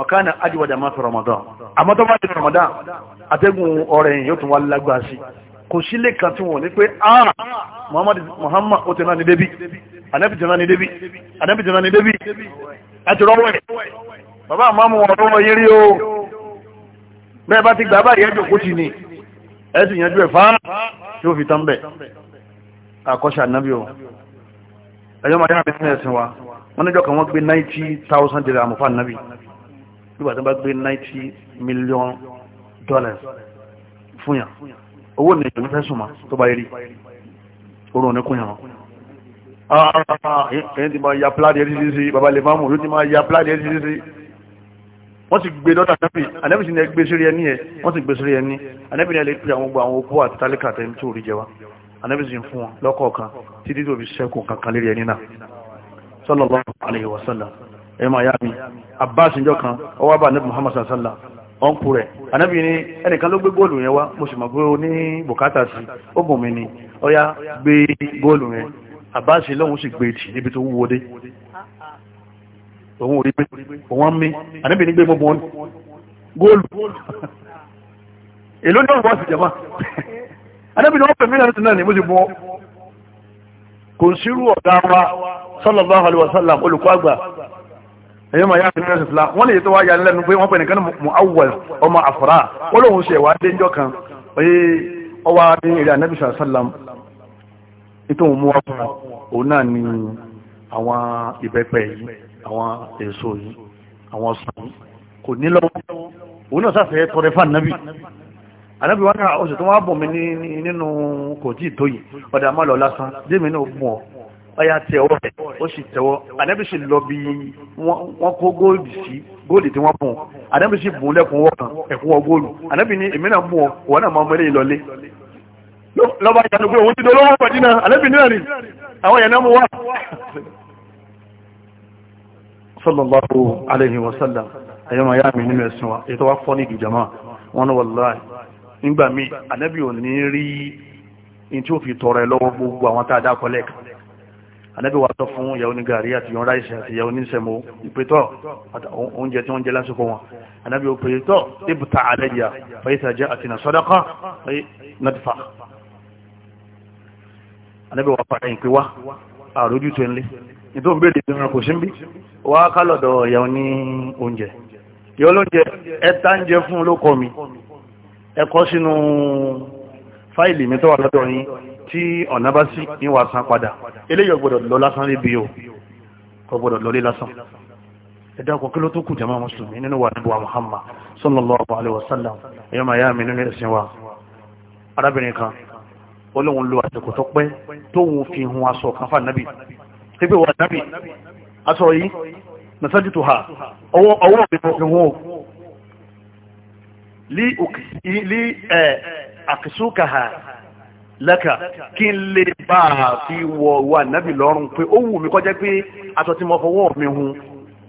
wàkánà ajíwájà máa fi ramadan àmọ́ tó bá ramadan atẹ́gùn ọ̀rẹ́ yìí yóò tún wá lágbàá sí kò sílé kan tí wọ́n ní pé ah muhammad muhammad ó ti náà ní débi anabi ti náà ní débi anabi ti náà ní débi àti rọwọ́ ẹ̀ bàbá àmàmù wọn rọwọ́ yín rí o bẹ́ẹ̀ bá ti gbà bá ìyẹ́jọ́ kó ti ní ẹ sì yanjú ẹ̀ fáá tí ó fi tán bẹ̀ àkọ́ṣe ànábì o ẹ̀yọ́ màdínà bí wọ́n ẹ̀sìn wa wọ́n níjọ́ kan wọ́n gbé ninety thousand dirham fún ànábì nígbà tó bá gbé ninety million dollars fún yàn owó ní ìjọba fẹ́ súnmọ́ tó bá rí orun òní kún yàn ẹ̀yìn tí máa ya pláàdì ẹ̀rí sí bàbá lè máa mú ló ti máa ya pláàdì ẹ̀rí sí wọ́n ti gbé dọ́tà nẹ́bì anẹ́bì sí ni ẹgbẹ́ sórí ẹni ẹ̀ wọ́n ti gbé sórí ẹni anẹ́bì ni ẹ lè pe àwọn gbogbo àwọn opó àti tálíkà àtẹ́ni tó rí jẹwa anẹ́bì sì ń fún wọn lọ́kọ̀ọ̀kan títí tó fi ṣẹ́kù kankan lérí ẹni náà sallallahu alaihi wasallam ẹ̀yọ́ máa yá mi abbas njọ́ kan ọwọ́ bá anabi muhammad sallallahu ọ̀nkù rẹ̀ anabi ni ẹnìkan ló gbé góòlù yẹn wá mo sì mọ̀ pé ó ní bùkátà sí ó bùn mí ni ọya gbé góòlù yẹn abbas lọ́hùn sì gbé tì níbi tó wúwo dé òun ò rí pé òun mi anabi ni gbé gbogbo wọn góòlù èló ní ọ̀rọ̀ ìjọba anabi ni wọ́n pè mí náà nítorí náà ni mo sì bọ́ kò sírú ọ̀gá wa sallallahu alaihi wasallam olùkọ́ àgbà ẹ̀yẹ́ máa yára nínú ìsìlá wọ́n lè tó wá yà lẹ́nu pé wọ́n pẹ̀lú kan mú awwal ọmọ àfúrá ó lóun ṣe wá déjọ́ kan oye ọwá ní èrè ànábì sàlám nítorí òun mú wá fún òun náà ní àwọn ìbẹ́pẹ yìí àwọn èso yìí àwọn ọsàn kò ní lọ́wọ́ òun náà sáfẹ́ tọrẹ fún ànábì ànábì wọn náà oṣù tó wá bọ̀ mí nínú kò tí ì tó yìí ọ̀dà má lọ lásán dé mi náà gbọ́n ọya tẹ̀wọ́ rẹ̀ ó sì tẹ̀wọ́ ànábì sì lọ bí wọ́n kó góòlù sí góòlù tí wọ́n bùn ànábì sì bùn lẹ́kùn wọ́n kan ẹ̀kún wọ́n góòlù ànábì ní èmi náà bùn ọ wọ́n náà máa mọ eléyìí lọlé lọ́ba ìyanu pé òun ti dọ́ lọ́wọ́ pẹ̀lú náà ànábì náà rí àwọn ìyànà mú wá. sallallahu alayhi wa sallam ayọ́ máa mi nínú ẹ̀sìn wa ètò wa fọ́ ní ìjàmá wọn ní wàlláhi nígbà míì ànábì ò ní rí ní tí fi tọrọ ẹ lọ́wọ́ gbogbo àwọn tá a dá kọ́ lẹ́ẹ̀kan anábì wa sọ fún ìyàwó ní gàrí àti ìyàwó ráìsì àti ìyàwó ní sẹ̀mó ìpètọ́ oúnjẹ tí wọ́n jẹ lásìkò wọn anábì ó pètọ́ ibùta àlẹ́yà fàyíṣàjẹ́ àti nà sọ́dọ́kọ́ nàdìfà anábì wa fara ìpè wá àrójú tó ń lé nítorí bèèrè ìdúnra kò sí ń bí wá kálọ̀dọ̀ ìyàwó ní oúnjẹ ìyàwó lóúnjẹ ẹta ń jẹ fún olókọ mi ẹkọ sínú fáìlì mi tó wà lọ́dọ̀ yín tí ọ̀nà bá sí ní wàá san padà eléyìí ọgbọ́dọ̀ lọ lásán níbi o kò gbọ́dọ̀ lọlé lásán ẹ̀dá ọkọ̀ kí ló tó kù jama mùsùlùmí nínú wa níbo Muhammad sallallahu alaihi wasallam ẹ̀yọ́ màá yá mi nínú ẹ̀sìn wa arábìnrin kan ó lóun lo àsìkò tó pẹ́ tóun fi hun aṣọ kan fà nábì pípé wà nábì aṣọ yìí mẹsàgì tó ha ọwọ́ mi fi hun o lí àkìsúkà ha lẹ́kà kí n lè bá a fi wọ wa nábì lọ́rùn pé ó wù mí kó jẹ́ pé aṣọ tí mo fọwọ́ mi hun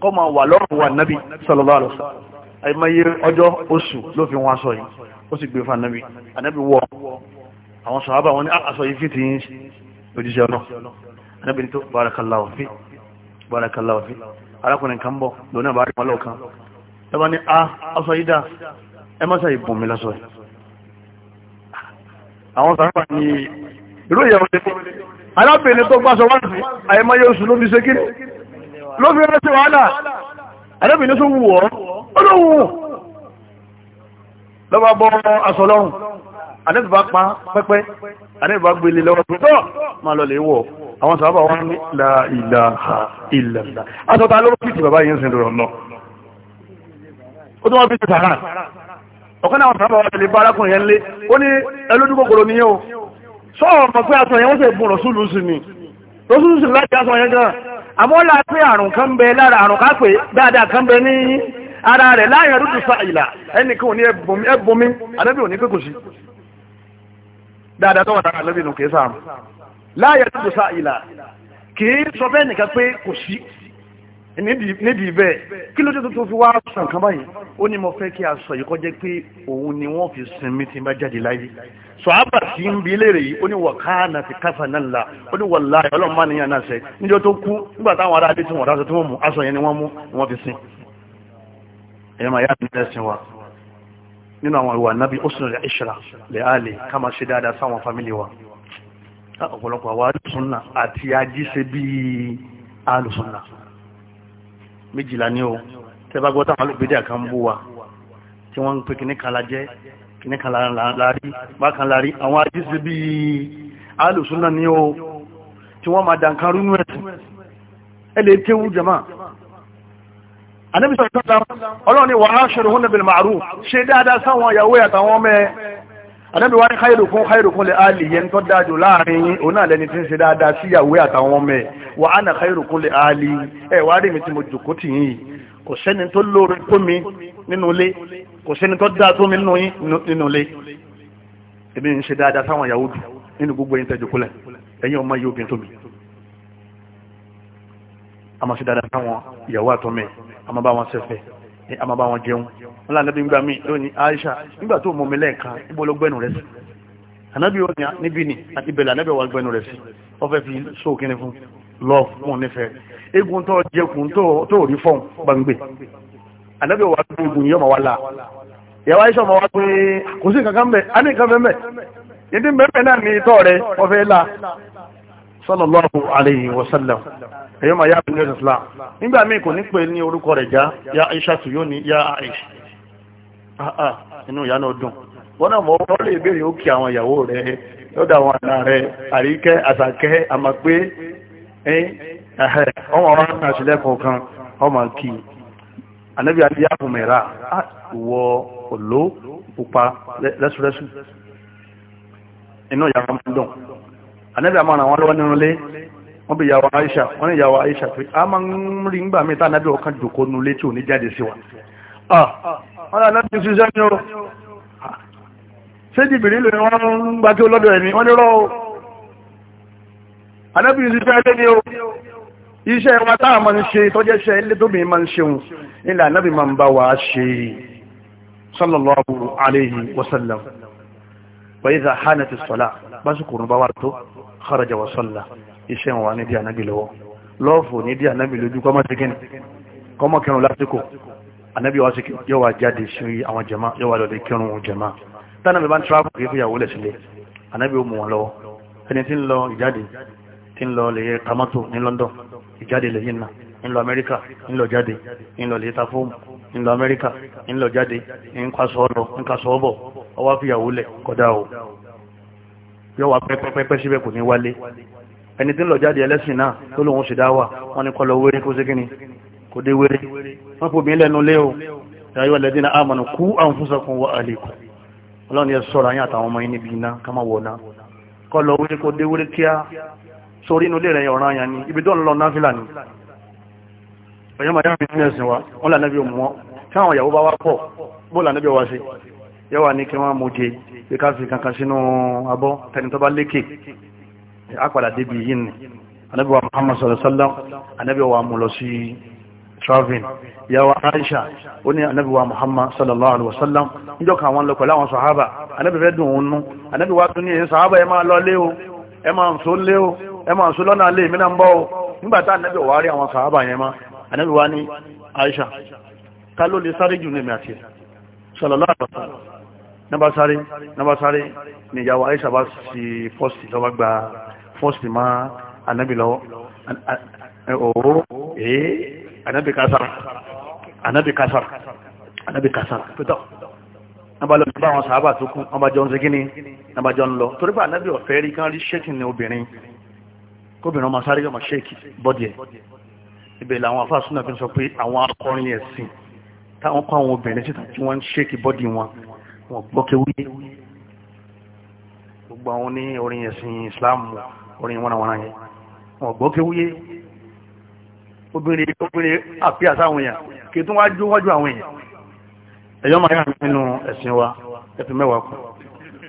kó máa wà lọ́rùn wa nábì sallallahu alaihi wasallam àìmọye ọjọ́ oṣù ló fi wọn aṣọ yìí ó sì gbé fún anábì anábì wọ àwọn sàhábà wọn ní ah, aṣọ yìí fi ti ń òjíṣẹ́ ọlọ́ anábì ni tó barakallahu fi barakallahu fi arákùnrin kan bọ̀ lónà bá rí wọn ẹ bá ní a ah, aṣọ yìí dá ẹ má sàyè bùnmi lọ́sọ̀ yìí àwọn sàrápà ní ìró ìyàwó ṣe fún alábìnrin tó gbáṣọ wá sí àìmọye oṣù ló fi ṣe kí ló fi rẹ́ sí wàhálà alábìnrin tó wù ọ́ ó ló wù lọ́wọ́ bọ́ aṣọ lọ́rùn àdẹ́bìbá pa pẹ́pẹ́ àdẹ́bìbá gbélé lọ́wọ́ tó tọ́ máa lọ lè wọ̀ àwọn sàrápà wọn ní la ilaha illallah aṣọ ta ló fi ti bàbá yẹn sìn lọ́rọ̀ náà ó tún wọ́n fi ti sàrà ọ̀kan náà sábà wà lè bá arákùnrin yẹn lé ó ní ẹlójú kòkòrò ni yóò sọ ọmọ pé aṣọ yẹn wọ́n sì bùn rọ̀súlù sí ni rọ̀súlù sí láti aṣọ yẹn gan àmọ́ là pé àrùn kan bẹ lára àrùn ká pé dáadáa kan bẹ ní ara rẹ̀ láyìn rúdù fa ìlà ẹnìkan ò ní ẹbùn mi ò ní pẹ́kù sí dáadáa tó nídìí bẹ́ẹ̀ kí ló dé tó fi wá sàn kan báyìí ó ní mo fẹ́ kí a sọ yìí kọ́ pé òun ni wọ́n fi sinmi tí bá jáde láyé sọ̀hábà tí ń bi léèrè yìí ó ní wọ̀ká náà ti káfà náà la ó ní wọ̀lá ọlọ́run má nìyàn náà sẹ́ níjọ́ tó kú nígbà táwọn ará adé tí wọ́n dáṣọ tí wọ́n mú aṣọ yẹn ni wọ́n mú wọ́n fi sin ẹ̀yẹ́ máa yá ní ẹ̀sìn wa nínú àwọn ìwà nábì ó sùn rẹ̀ ìṣra lè á méjìlá ní o tẹ́ bá gbọ́ táwọn alùpùpù kan ń bú wa tí wọ́n ń pè kíní kan la jẹ́ kíní kan lárí bákan lárí àwọn ajíṣe bíi alùsùnà ní o tí wọ́n máa dànkan rúnú ẹ̀sìn ẹ tẹ́wú jama anábìsọ̀ ìtọ́ta ọlọ́run ni wàá ṣọ̀rọ̀ màrú ṣe dáadáa sáwọn ìyàwó àtàwọn ọmọ ẹ̀ anábì wá ní khairukum khairukum li ahlihi yẹn tó dájú láàrin yín òun náà lẹni tí ń ṣe dáadáa síyàwó àtàwọn ọmọ ẹ̀ wa ana khairukum li ahlihi ẹ̀ wá rí mi tí mo jòkó tì yín kò sẹ́ni tó lóore tó mi nínú ilé kò sẹ́ni tó dáa tó mi nínú yín nínú ilé èmi ń ṣe dáadáa sáwọn ìyàwó jù nínú gbogbo yín tẹ́jú kúlẹ̀ ẹ̀yin ọmọ yóò bí tó mi a máa dáadáa sáwọn ìyàwó àtọ́mẹ́ a bá wọn ṣẹ̀fẹ̀ a máa bá wọn jẹun wọn lànà bí ń gbà mí lónìí Aisha nígbà tó mọ̀ mi lẹ́ẹ̀kan níbo ló gbẹ́nu rẹ̀ sí ànábì wọn níbi ni àti bẹ̀rẹ̀ ànábì wọn gbẹ́nu rẹ̀ sí wọ́n fẹ́ fi sóòkì ní fún lọ fún nífẹ̀ẹ́ egun tó jẹkùn tó rí fọ́n gbangbe ànábì wọn gbé egun yọmọ wa la ìyàwó Aisha ọmọ wa pé kò sí nǹkan kan bẹ̀ á ní nǹkan fẹ́ mẹ́ yìí ti mẹ́fẹ́ náà ní itọ́ rẹ̀ wọ́n fẹ́ la sallallahu alayhi wa sallam èyí ma yá pínlẹ̀ islam nígbà míì kò ní pè ní orúkọ rẹ̀ já ya aisha tó yóò ní ya aisha àà ah, ah, inú ìyá náà dùn wọ́n náà mọ̀ ọ́ lè béèrè ó kí àwọn ìyàwó rẹ̀ lọ́dọ̀ àwọn àna rẹ̀ àríkẹ́ àsàkẹ́ àmàgbé ọmọ ọmọ ọmọ wọ́n bí ìyàwó Aisha wọ́n ní ìyàwó Aisha pé a máa ń rí ńgbà mẹ́ta nábì ọkàn jòkó nu létí òní jáde sí wa wọ́n ní anábì ṣiṣẹ́ ní o ṣé jìbìrì lè wọ́n ń gba kí olódò ẹ̀mí wọ́n ní rọ́ o anábì ṣiṣẹ́ ilé ni o iṣẹ́ wa táà máa ń ṣe tọ́jẹ́ iṣẹ́ ilé tóbi máa ń ṣeun ilẹ̀ anábì máa ń bá wa ṣe sallallahu alayhi wa sallam wa idha hanati as-salah bá sì kùrùn bá wa tó kharaja wa salla iṣẹ́ wọn wà ní dí ànábì lọ́wọ́ lọ́ọ̀fù ní dí ànábì lójú kọ́mọ́ sí lásìkò ànábì wá sí yóò wá jáde sí àwọn jàmá yóò wá lọ́dẹ kírun jàmá tánàbì bá ń tíráàpù kí fìyàwó lẹ̀ sílẹ̀ ànábì ó mú wọn lọ́wọ́ ẹni tí ń lọ ìjáde tí ń lọ kamato ní London ìjáde lẹ́yìn náà ń lọ Amẹ́ríkà ń lọ jáde ń lọ lẹ́yẹ tafóòmù ń lọ ẹni tí ń lọ jáde ẹlẹ́sìn náà tó lóun ṣe dáwà wọ́n ní kọlọ wéré kó ségíní kò dé wéré wọ́n lẹ́nu lé o yàyọ́ lẹ́dínà àmọ̀nà kú anfusakum wa ahlikum ọlọ́run ni ẹ sọ́ra yín àtàwọn ọmọ yín níbi iná ká má wọ̀ná kọlọ wéré kó dé wéré kíá sórí inú ilé rẹ̀ ọ̀ràn àyàn ni ibi tó ń lọ náfìlà ni ọ̀yọ́ màdá mi ní ẹ̀sìn wa wọ́n là nẹ́bí òmù wọn káwọn ìyàwó bá wá kí wọ́n mú je pé kankan sínú abọ́ tẹni tó bá lékè àpàdà débi yìí ni anábíwá muhammad sallallahu alaihi wasallam anábíwá mú lọ sí traveling yàwó aisha ó ní anábíwá muhammad sallallahu alaihi wasallam níjọ́ kan àwọn lọ́pọ̀ láwọn sọ̀hábà anábíwá dùn ún nú anábíwá tún ní èyí sọ̀hábà ẹ máa lọ lé o ẹ máa sọ lé o ẹ máa sọ lọ́nà lé mi náà ń bọ̀ o nígbà tá anábíwá wá rí àwọn sọ̀hábà yẹn má anábíwá ní aisha ká ló lè sáré jù ní èmi àti sallallahu alaihi wasallam nabasare nabasare ni yàwó aisha bá sì fọ́sì lọ́wọ́ gba fọ́ọ̀sì máa anábì lọ́wọ́ òòrò èé anábì oh, eh, kásàrà anábì kásàrà anábì kásàrà pẹ́tọ́ nabalọ bá àwọn sàábà tó kú ọba jọ ń ṣe gíní ọba jọ ń lọ torí pé anábì ọ̀fẹ́ rí kán rí ṣéèkì ní obìnrin kóbìnrin ọmọ sáré ọmọ ṣéèkì bọ́dì ẹ̀ ibẹ̀ làwọn afá súnà fi sọ pé àwọn akọrin ẹ̀sìn táwọn kọ́ àwọn obìnrin síta tí wọ́n ń ṣéèkì bọ́dì wọn wọn gbọ́kẹ́wé gbogbo àwọn ní orin ẹ̀sìn Islam orin wọ́nàwọ́nà yẹn wọ́n gbọ́ kéwúyé obìnrin obìnrin àfi àsáwọn èèyàn kì í tún wá jó wájú àwọn èèyàn ẹ̀yọ́ máa yára nínú ẹ̀sìn wa ẹ̀fìn mẹ́wàá kù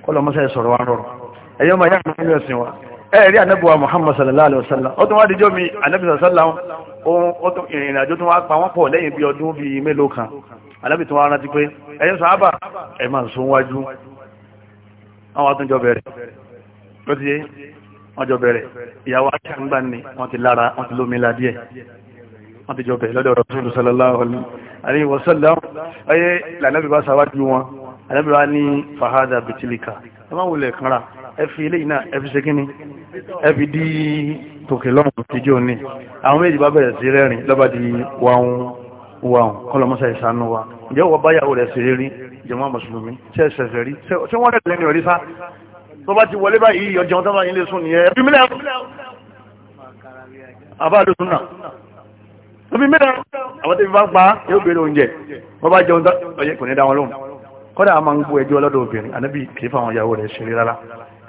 kọ́lọ́mọ́sẹ̀ sọ̀rọ̀ wa rọrọ̀ ẹ̀yọ́ máa yára nínú ẹ̀sìn wa ẹ̀rí ànábùwà Muhammad sallallahu alaihi wasallam ó tún wá díjọ́ mi ànábì sallallahu ó tún ìrìn àjò tún wá pa wọ́n pọ̀ lẹ́yìn bí ọdún bí mélòó kan ànábì tún wá rántí pé ẹ̀yin sàábà ẹ̀ máa ń sún wájú àwọn àtúnjọ bẹ̀rẹ̀ ló ti yé wọ́n jọ bẹ̀rẹ̀ ìyàwó aṣà ni gbà ní wọ́n ti lára wọ́n ti lómi ládíẹ̀ wọ́n ti jọ bẹ̀rẹ̀ lọ́dọ̀ Rasulu sallallahu alaihi wa sallam ayé lànàbí bá sáwájú wọn lànàbí bá ní fahada bitilika ẹ máa wulẹ̀ kanra ẹ fi eléyìí náà ẹ fi ṣe kíní ẹ fi dí tòkè lọ́rùn tíjú òní àwọn di wàhùn wàhùn kọlọmọsà ìsànú wa ǹjẹ́ wọ́n báyàwó rẹ̀ sí rí jẹ̀mọ́ mùsùlùmí ṣẹ́ ṣẹ̀ṣẹ̀ rí ṣé wọ́n rẹ̀ lẹ́nu tó bá ti wọlé báyìí ọjọ́ tó bá yín lè sùn nìyẹn ẹbí mílẹ̀ àbá ló sùn náà ẹbí mílẹ̀ àwọn tó fi bá ń pa yóò béèrè oúnjẹ wọ́n bá jẹun ọyẹ kò ní dá wọn kọ́dà a máa ń gbọ́ ẹjọ́ ọlọ́dọ̀ obìnrin ànábì kì àwọn ìyàwó rẹ̀ ṣeré rárá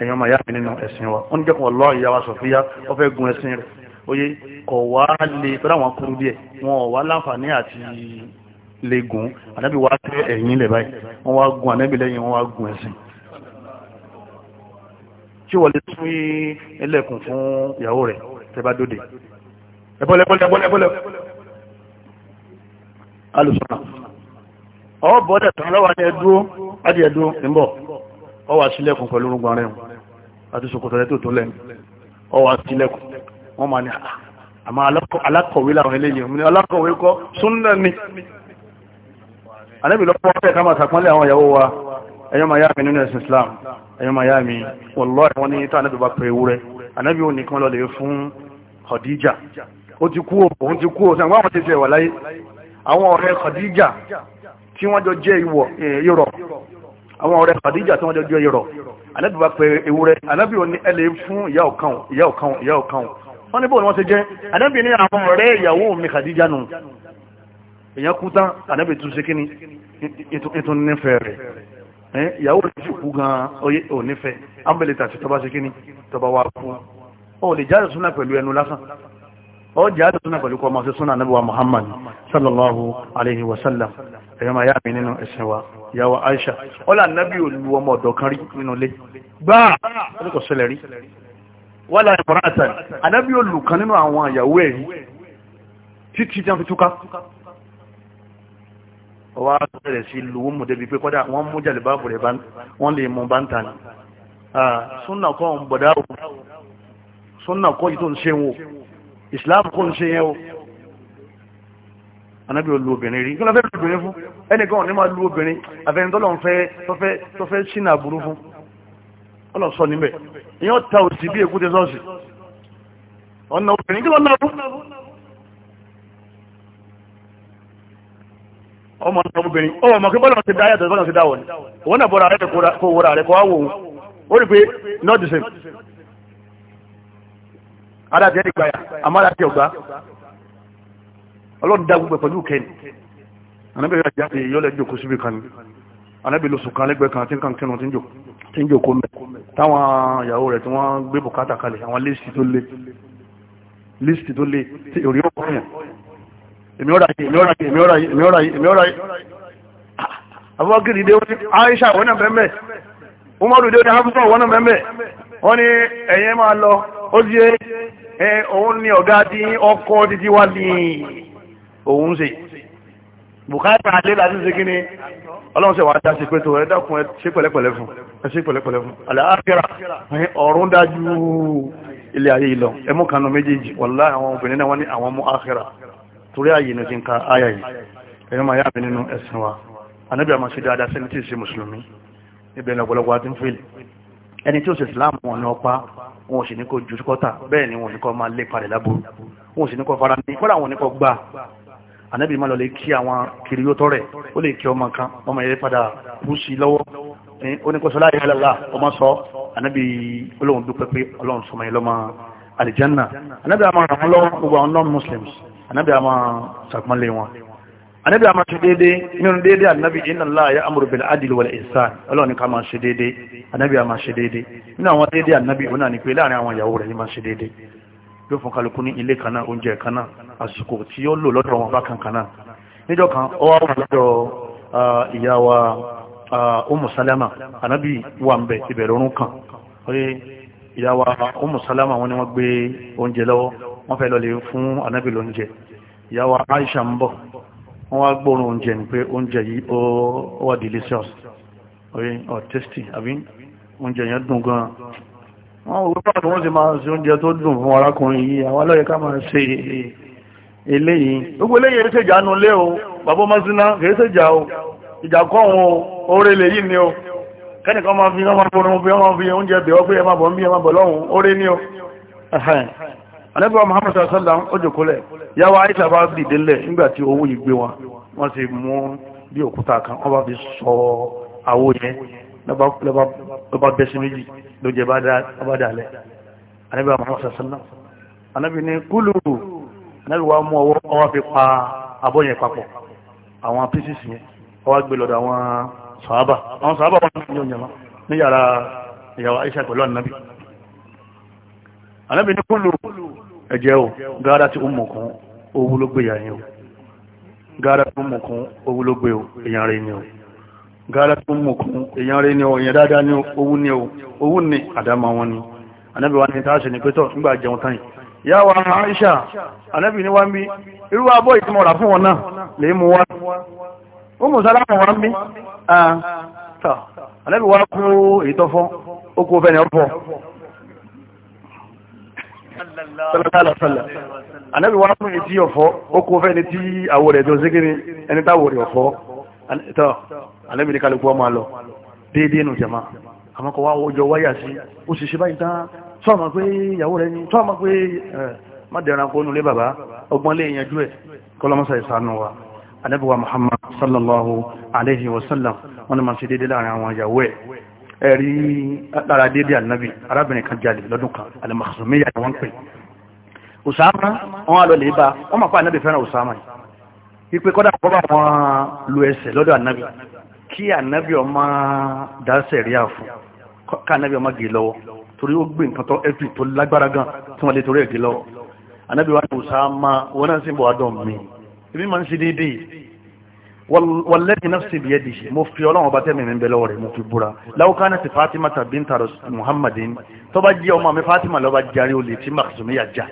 ẹ̀yàn máa yá nínú ẹ̀sìn wa ó ń jẹ́kùn ọlọ́ ìyá wa sọ̀fíyá ó fẹ́ gun ẹ̀sìn rẹ̀ oyè kọ̀ wá lè tọ́lá wọn kúrú díẹ̀ wọn ò wá láǹfààní àti lè gùn ànábì wá tẹ́ ẹ̀yìn lẹ̀ báyìí wọ́n wá gun ànábì lẹ́yìn wọ́n wá gun ẹ̀sìn tí wọ́n lè tún ẹlẹ́kùn fún ìyàwó rẹ̀ tẹ́bá dóde ẹbọ́lẹ́bọ́lẹ́bọ́lẹ́ alùsùnà ọ bọ́dẹ̀ tán lọ́wọ́ ní ẹdúró láti ẹdúró níbọ̀ ọ wà pẹ̀lú orúngbọ̀n rẹ̀ àti ṣòkòtò rẹ̀ tó tó lẹ́nu ọ wà wọ́n máa ní ah, àmọ́ alákọ̀wé làwọn eléyìí alákọ̀wé kọ́ súnnà ni anábìlọ́pọ̀ ọ̀fẹ́ ká máa àwọn ìyàwó wa ẹ̀yọ́ ma yá nínú ẹ̀sìn Islam ẹ̀yọ́ ma mi wọ́lọ́ ẹ̀wọ́n ní tó ànábì bá pè ewúrẹ́ ànábì ò nìkan lọ lè fún Khadija ó ti kú òun ti kú òun sàn wọ́n ti fi ẹ̀wà láyé àwọn ọ̀rẹ́ Khadija tí wọ́n jọ jẹ́ ìwọ̀ ìrọ̀ àwọn ọ̀rẹ́ Khadija tí wọ́n jọ jẹ́ ìrọ̀ ànábì bá pè ewúrẹ́ ànábì ò ní ẹ lè fún ìyá ọ̀kan ìyá ọ̀kan ìyá ọ̀kan wọ́n ní bóun wọ́n ti jẹ́ ìyàwó rẹ̀ sì kú gan ò nífẹ̀ẹ́ ambulance àti tọba ṣe kíní tọba wa kú ọ lè jáde súnà pẹ̀lú ẹnu lásán ọ jáde súnà pẹ̀lú kọ́ ọmọọ̀sẹ̀ súnà anábíwá Muhammad sallallahu alayhi wa sallam ẹ̀yọ́ máa yá mi nínú ẹ̀sìn wa ìyàwó Aisha ọ là nábì olú ọmọ ọ̀dọ̀ kan rí nínú ilé gbáà ó kò ṣẹlẹ̀ rí wọ́n láì fọ́nrán àtàrí anábì olú kan nínú àwọn ìyàwó ẹ̀rí títí tí fi túká ọwá bẹ̀rẹ̀ sí lùú mú débi pé kọ́dá wọ́n mú jàlẹ̀ báàbù rẹ̀ wọ́n lè mú bá ń tàn súnà kọ́ ń bọ̀dá o súnà kọ́ yìí tó ń ṣe wo ìsìláàmù kọ́ ń ṣe yẹn o anábì ò lu obìnrin rí kí ló fẹ́ lu obìnrin fún ẹnìkan ò ní máa lu obìnrin àfẹ́ni tó fẹ́ tó fẹ́ sínà fún ó sọ níbẹ̀ ìyẹn ta òsì bí èkúté sọ́ọ̀sì ọ̀nà obìnrin kí lọ́nà ọmọ ọmọbìnrin ọmọ ọmọ kí bọ́lá ti dá yàtọ̀ bọ́lá ti dá wọn wọn náà bọ́ra rẹ̀ kó wọ́ra rẹ̀ kó wá wò ó ó rí pé not the same ara ti ẹni gbàyà àmọ́ ara ti ọ̀gbá ọlọ́run dá gbogbo pẹ̀lú kẹ́ni anábì yóò jáde yọ́lẹ̀ jòkó síbi kan ni anábì lóṣù kan lẹ́gbẹ̀ẹ́ kan tí nǹkan kírun tí ń jòkó mẹ́ táwọn ìyàwó rẹ̀ tí wọ́n gbé bùkátà kalẹ̀ àwọn lísìtì tó le lísìtì tó le tí òrí ọkọ̀ yẹn èmi ọ̀rà yìí èmi ọ̀rà yìí èmi ọ̀rà yìí èmi ọ̀rà yìí èmi ọ̀rà yìí abubakar ìdè wọn ni aisha wọn náà bẹ́ẹ̀ umaru ìdè wọn ni abubuwa wọn náà bẹ́ẹ̀ wọn ni ẹ̀yẹ máa lọ ó di ẹ òun ni ọ̀gá tí ọkọ títí wá ní òun ṣe bùkátà alẹ́ láti ṣe kíni ọlọ́run ṣe wà á dá sí pé tó ẹ dákun ẹ ṣe pẹ̀lẹ́pẹ̀lẹ́ fún ẹ ṣe pẹ̀lẹ́pẹ̀lẹ́ fún àlàáfíà ọ̀run dájú ilé ayé ìlọ ẹmú kanu méjèèjì wàlá àwọn obìnrin náà wọ́n ní àwọn mú àkẹ́rà torí ààyè ní ti ń ka àyà yìí ẹ̀yọ́ máa yáàbí nínú ẹ̀sìn wa anábì àmọ́ sí dáadáa sẹ́ni tí ì sí mùsùlùmí ibẹ̀ ní ọ̀pọ̀lọpọ̀ àti ń fèlè ẹni tí ó sì islam wọn ní ọpá wọn ò sì ní kó ju kọ́tà bẹ́ẹ̀ ni wọn ò ní kó máa lé parẹ̀ lábúrú wọn ò sì ní kó fara ní kọ́lá wọn ò ní kó gbà anábì máa lọ lè kí àwọn kiri yóò ó lè kí ọmọ kan ọmọ yẹn padà bú sí lọ́wọ́ ó ní kó sọ láyé lọ́la ọmọ sọ anábì olóhùn dúpẹ́ pé ọlọ́run sọmọ yẹn lọ́mọ àlìjánná anábì àmọ́ lọ́wọ́ gbogbo àwọn non-muslims anabi a máa sàpọ́nlé wọn anabi a máa ṣe déédé nínú déédé anabi inna Allah ya amuru bil adil wal ihsan ọlọ́run ní ká máa ṣe déédé anabi a máa ṣe déédé nínú àwọn déédé anabi òun ni pé láàrin àwọn ìyàwó rẹ̀ ní máa ṣe déédé yóò fún kálukú ní ilé kan náà oúnjẹ kan náà àsìkò tí ó lò lọ́dọ̀ wọn bákan kan náà níjọ́ kan ó wá wọn lọ́dọ̀ ìyá wa Ummu Salama anabi wà ń bẹ̀ ìbẹ̀rẹ̀ orun kan ìyá wa Ummu Salama wọn ni wọ́n gbé oúnjẹ lọ́wọ́ wọ́n fẹ́ lọlẹ̀ fún anábì lóúnjẹ ìyàwó Aisha ń bọ̀ wọ́n wá gbóòrùn oúnjẹ ní pé oúnjẹ yìí ó wà delicious oye or tasty àbí oúnjẹ yẹn dùn gan wọ́n wọ́n bá wọ́n sì máa ṣe oúnjẹ tó dùn fún arákùnrin yìí àwọn alọ́yẹ ká máa ṣe eléyìí gbogbo eléyìí eré ṣèjà nu lé o bàbá masina kìí ṣèjà o ìjà kọ́ òun o oore lè yìí ni o kẹ́nìkan máa fi wọ́n máa fi oúnjẹ bẹ̀ ọ́ pé ẹ máa bọ̀ ń bí ẹ máa bọ̀ lọ́hùn oore ni o anẹ́bíwá muhammadu sallam ó jòkólẹ̀ yàwó àìsà bá dìde lẹ̀ nígbàtí owó yìí gbé wọn wọ́n sì mú bí òkúta kan wọ́n bá fi sọ àwo yẹn lọ́bá bẹ́sí méjì ló jẹ bá dálẹ̀ anẹ́bíwá muhammadu sallam anẹ́bí ní kúlù anẹ́bíwá mú ọwọ́ ọwọ́ fi pa abọ́ yẹn papọ̀ àwọn písìsì yẹn ọwọ́ gbé lọ́dọ̀ àwọn sàábà àwọn sàábà wọn ní yàrá ìyàwó àìsà pẹ̀lú ànábì kúlù ẹ̀jẹ̀ o gáárà tí ó mọ̀ kún owó ló o gáárà tí ó mọ̀ kún owó o èèyàn rẹ̀ ni o gáárà tí ó mọ̀ kún èèyàn rẹ̀ ni o èèyàn dáadáa ni o owó ni o owó ni àdámà wọn ni anábì wa ni tá a ṣe ni pé tọ́ nígbà jẹun tán yìí yá wa Aisha anábì ni wá ń bí irú abọ́ ìtumọ̀ rà fún wọn náà lè mú wá ó mú sálámù wá ń bí anábì ah, wa kú èyí tọ́ fọ́ ó kú fẹ́ni ọ̀fọ́ sallallahu sallam anabi wa fún etí ọ̀fọ́ ó kó fẹ́ ni tí àwọ̀ rẹ̀ tó ségiri ẹni táwọ̀ rẹ̀ ọ̀fọ́ tọ́ anabi ní kálukú ọmọ lọ déédéé nù jẹ̀má àmọ́ kọ́ wá ọjọ́ wáyà sí ó sì ṣe báyìí tán tọ́ àmọ́ pé ìyàwó rẹ̀ ni tọ́ àmọ́ pé má dẹ̀ran kó nulẹ̀ bàbá ọgbọ́n lè yanjú ẹ̀ kọ́lọ́mọ́sà ìsànù wa anabi wa muhammad sallallahu alayhi wa sallam wọn ni ma ṣe déédéé láàrin àwọn ìyàwó ẹ̀ ẹ̀rí lára déédéé ànábì arábìnrin kan jalè lọ́dún kan alimaxumiya ni wọ́n pè Usama wọ́n á lọ lè bá wọ́n mọ̀ pé ànábì fẹ́ràn Usama yìí pé kọ́dà kọ́ bá wọn lu ẹsẹ̀ lọ́dọ̀ ànábì kí ànábì ọmọ dáṣẹ̀ rí àfọ ká ànábì ọmọ gè lọ́wọ́ torí ó gbé nǹkan tó ẹ̀fì tó lágbára gan tí wọ́n lè torí ẹ̀gẹ́ lọ́wọ́ ànábì wa ní Usama wọn náà sì bọ̀ àdọ̀ mi èmi máa ń ṣe déédéé wàlẹ́dì nafsi bi yadihi mo fi ọlọ́run ọba tẹ́mi mi bẹ̀lẹ̀ ọ̀rẹ́ mo fi búra láwùká náà ti Fatima tàbí ń tàrọ Muhammadin tó bá jẹ́ ọmọ mi Fatima lọ́ba jarí olè tí Maksumi yà já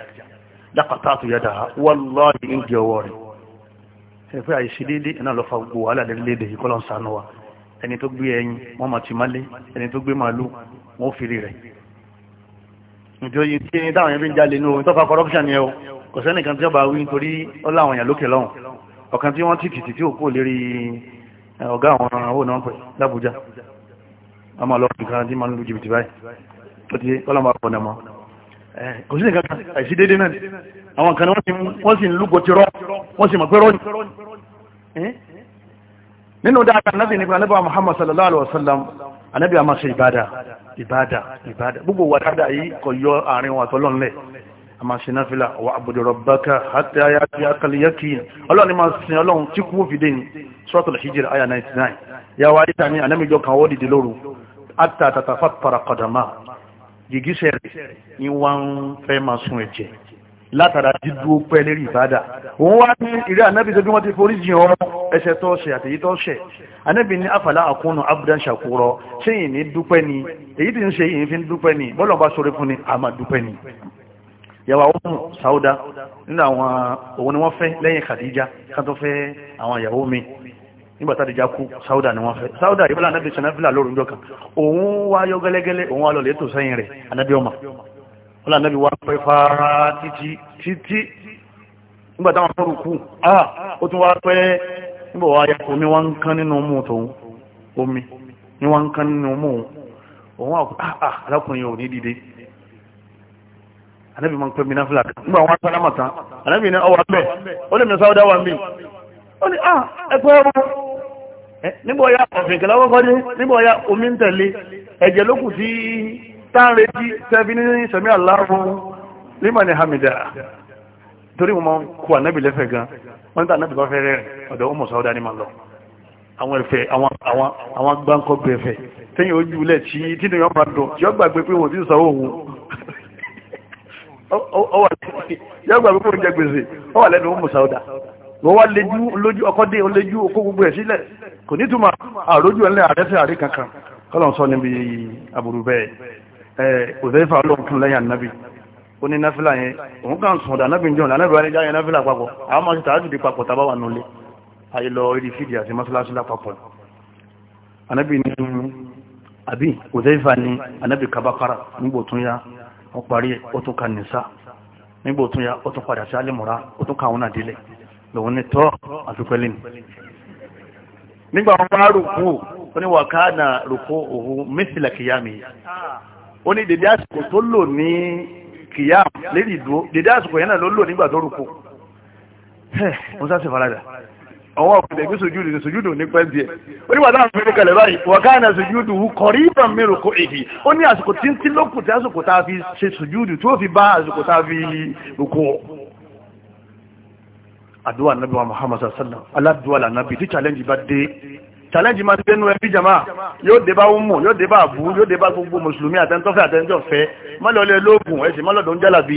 lápàtà àtúnyàdà wàláhì ń jẹ ọwọ́ rẹ̀ ẹgbẹ́ àìsí dédé iná lọ fa gbogbo wàhálà lẹ́lẹ́dẹ̀ yìí kọ́lọ̀ ń sànú wa ẹni tó gbé ẹyin wọ́n máa ti málé ẹni tó gbé màálù wọ́n fìrí rẹ̀ ìjọyìn tí ẹni táwọn ẹbí ń jalè ní ohun tó fa corruption yẹn o kò sẹ́nìkan tí ó bá wí nítorí ó láwọn èèyàn lókè lọ́hùn ọ̀kan tí wọ́n ti kìtì tí ò kó lérí ọ̀gá àwọn owó náà pẹ̀ lábújá ọmọ ọlọ́pàá nǹkan tí máa ń lu jìbìtì báyìí tó ti kọ́lọ́ Eh, kò sí nǹkan kan àìsí déédéé náà àwọn kan wọ́n sì ń lúgọ ti rọ́ wọ́n sì mọ̀ pé rọ́ ni eh? nínú dáadáa anábì nípa anábà Muhammad sallallahu alaihi wasallam anábì a máa ṣe ìbádà ìbádà ìbádà gbogbo wà dáadáa yìí kò yọ àárín wa tọ́lọ́nlẹ̀ a máa ṣe náfìlà wa abudu rabbaka hatta ya'tiyaka al-yaqin ọlọ́run ni máa sin ọlọ́run tí kú fi dé ní suratul hijr aya 99 yàwó ayíta ní anábìjọ kan wọ́n dìde lóru hatta tatafattara qadama gìgísẹ̀ rẹ̀ ni wọ́n ń fẹ́ máa sun ẹ̀jẹ̀ látara dídúró pẹ́ lérí ìbádà òun wá ní ìrẹ́ ànábì tó bí wọ́n ti forí jìn ọ́ ẹsẹ̀ tó ṣe àtẹ̀yí tó ṣẹ̀ ànábì ní àfàlà àkúnnù abdan ṣàkúrọ ṣéyìn ní dúpẹ́ ni èyí tí ń ṣe yìí fi ń dúpẹ́ ni bọ́lọ̀ bá sọ̀rọ̀ fún ni a máa dúpẹ́ ni yàwá ọmọ sáúdà nínú àwọn òun ni wọ́n fẹ́ lẹ́yìn Khadija ká fẹ́ àwọn ìyàwó mi nígbàtàdìjá kú sáúdà ni wọ́n fẹ́ sáúdà ìbílá anábì sanáfílà lóòrùn jọ kan òun wá yọ gẹ́lẹ́gẹ́lẹ́ òun wá lọ lẹ́tò sẹ́yìn rẹ̀ anábì ọmọ wọ́n anábì wá pẹ́ fara títí títí nígbàtà wọn fọ́rù kú ah ó tún wá pẹ́ nígbà wá yá omi wá ń kán nínú mú tòun omi ni wá ń kán nínú mú òun wá ah alákùnrin ò ní dìde anábì máa ń pẹ́ mi náfílà kan nígbà wọn sálámà tán anábì ní ọwọ́ abẹ́ ó ní à ah, ẹ̀pẹ́ ọmọ nígbà ọ̀yá ọ̀fìnkẹ́ lọ́wọ́kọ́ ní nígbà ọ̀yá omi ń tẹ̀lé ẹ̀jẹ̀ ló kù sí táàrẹ̀ tí sẹ́fí ní sẹ́mí Allahu liman hamida torí wọn kú ànábì lẹ́fẹ̀ẹ́ gan wọ́n tà ànábì bá fẹ́ rẹ̀ ọ̀dọ̀ ọmọ sáwọ́dá ní máa lọ àwọn ẹ̀fẹ́ àwọn gbáǹkọ́ bẹ̀fẹ̀ tẹ́yìn ojú ilẹ̀ tí tínú yọ máa dùn yọ gbàgbé pé wọ́n ti sọ òun yọ gbàgbé pé wọ́n jẹ gbèsè ó wà lẹ́nu ọmọ sáwọ́dá wọ́n wá lójú ọkọ́dé olójú okó gbogbo ẹ̀ sílẹ̀ kò ní túnmà àrójú ẹ̀lẹ́ àrẹ́fẹ́ àrí kankan kọ́lọ̀n sọ níbi àbúrú bẹ́ẹ̀ òzèfà olóòkun lẹ́yìn ànábì ó ní náfílà yẹn òun kàn sùn ọ̀dà nábì jọ lánàbì wáyé jáyẹ náfílà papọ̀ àwọn máa ti tààjú di papọ̀ tàbá wà nulẹ̀ ayé lọ rí fídíà sí mọ́sálásí lápapọ̀ ànábì ní àbí òzèfà ní ànábì kabakara nígbò tún yá wọ́n parí ó tún ka nìsa nígbò tún yá ó tún padà sí alẹ́mọ̀ra ó tún ka àwọn àdílẹ̀ lòun ní tọ́ àdúpẹ́lẹ́ ni nígbà wọn bá rùkú ó ní wàkánà rùkú òhun mísìlẹ̀ kìyàmì ó ní dédé àsìkò tó lò ní kìyàm lérí ìdúró dédé àsìkò yẹn náà ló lò nígbà tó rùkú mo sá sí farada ọwọ́ ọ̀pẹ̀lẹ̀ gbé sojúdù ní sojúdù ní pẹ́ntì ẹ̀ ó ní wà láàrín fẹ́rẹ́ kalẹ̀ báyìí wàkánà sojúdù kọ̀rí ìbọn mẹ́rù kó èdè ó ní àsìkò tí ń tí lókùn tí àsìkò tá fi ṣe sojúdù tó fi bá àsìkò tá fi rùkú àdúrà nàbí wa muhammad sallam aládùúwà lànàbí tí challenge bá dé challenge máa dénú ẹbí jama yóò dé bá umu yóò dé bá abu yóò dé bá gbogbo mùsùlùmí àtẹnitọ́fẹ́ àtẹnitọ́fẹ́ mọ́lọ́lẹ́ lóògùn ẹ̀sìn mọ́lọ́dún jálàbí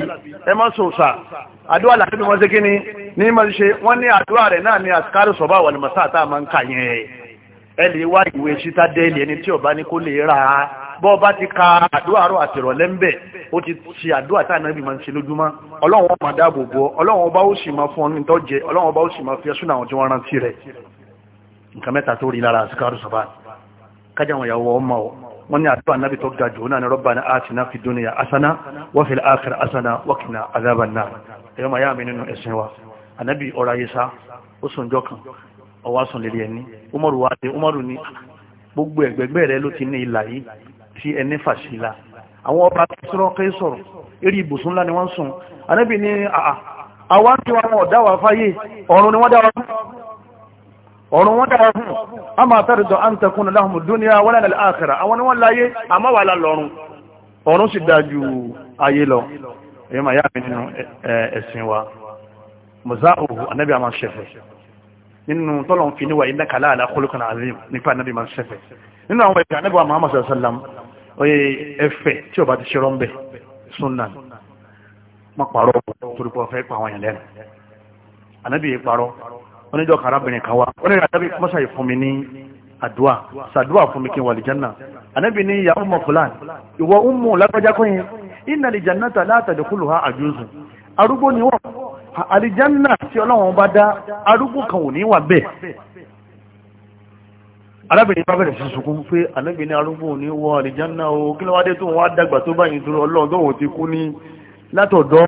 ẹ má sọ sà àdúrà lànàbí wọn ṣe kí ni ní ma ṣe wọ́n ní àdúrà rẹ̀ náà ní àsìkárù sọ̀bá wà ní masá àtàmà ń kà yẹn ẹ lè wá ìwé sítádẹ́ẹ̀lì ẹni tí ọba ní kó lè ra bọ́ bá ti ka àdúrà rọ àtìrọ̀lẹ́ ń bẹ̀ ó ti ṣe àdúrà tá ànábì máa ń ṣe lójúmọ́ ọlọ́run ọmọ dáàbò bò ọ ọlọ́run ọba ó sì máa fún ọ tó jẹ ọlọ́run ọba ó sì máa fi ẹsùn àwọn tí wọ́n rántí rẹ̀ nǹkan mẹ́ta tó rí lára àsìkárù sọ̀bá kájà àwọn ìyàwó ọmọ ọ wọ́n ní àdúrà nábì tó ga jù náà ní rọ́bà àti náà fi dúnìyà asana wọ́n fi àkàrà asana wọ́kìnà àdábà náà ẹ̀yọ́ màá yá mi nínú ẹ̀sìn wa ànábì ọ̀rọ̀ ayé sá ó sùn jọ kan ọwọ́ sùn lè rí ẹni umaru wa dé umaru ní ah, gbogbo ẹ̀gbẹ́gbẹ́ rẹ ló ti ní ìlà yìí tí ẹni fàṣílá àwọn ọba sọ́rọ́kẹ́ sọ̀rọ̀ eré ibùsùn ńlá ni wọ́n sùn anábì ní àwa ń tiwa wọn ọ̀dá wa fáyé ọ̀run ni wọ́n dá wa fún ọ̀run wọ́n dá wa fún a máa tàrídọ̀ à ń takùn láhùn dúnìá wọ́n lẹ́nà àkàrà àwọn ni wọ́n láyé àmọ́ wà lálọ́run ọ̀run sì dá ju ayé lọ èyí máa yá mi nínú ẹ̀sìn wa musa oye ẹfẹ̀ tí ọba ti ṣerọ́ ń bẹ̀ sunna má parọ́ torí pé ọ̀fẹ́ pa àwọn èèyàn lẹ́nu ànábì yìí parọ́ oníjọ́ kan arábìnrin kan wá ó ní àdábì mọ́ṣá yìí fún mi ní àdúà sàdúà fún mi kí n wà lìjánà ànábì ní ìyá ọmọ fúlàn ìwọ ń mú lágbájá kọ́ yẹn iná lìjánà tà látàdé kúlù ha àjùzù arúgbó ni wọ́n àlìjánà tí ọlọ́run bá dá arúgbó kan ò ní wà bẹ́ẹ̀ arábìnrin bá bẹ̀rẹ̀ sí sunkún pé anábì ní arúgbó ní wọ àlìjánná o kí ló wá dé tó wọ́n á dàgbà tó báyìí tó ọlọ́run tó wọ́n ti kú ní látọ̀dọ́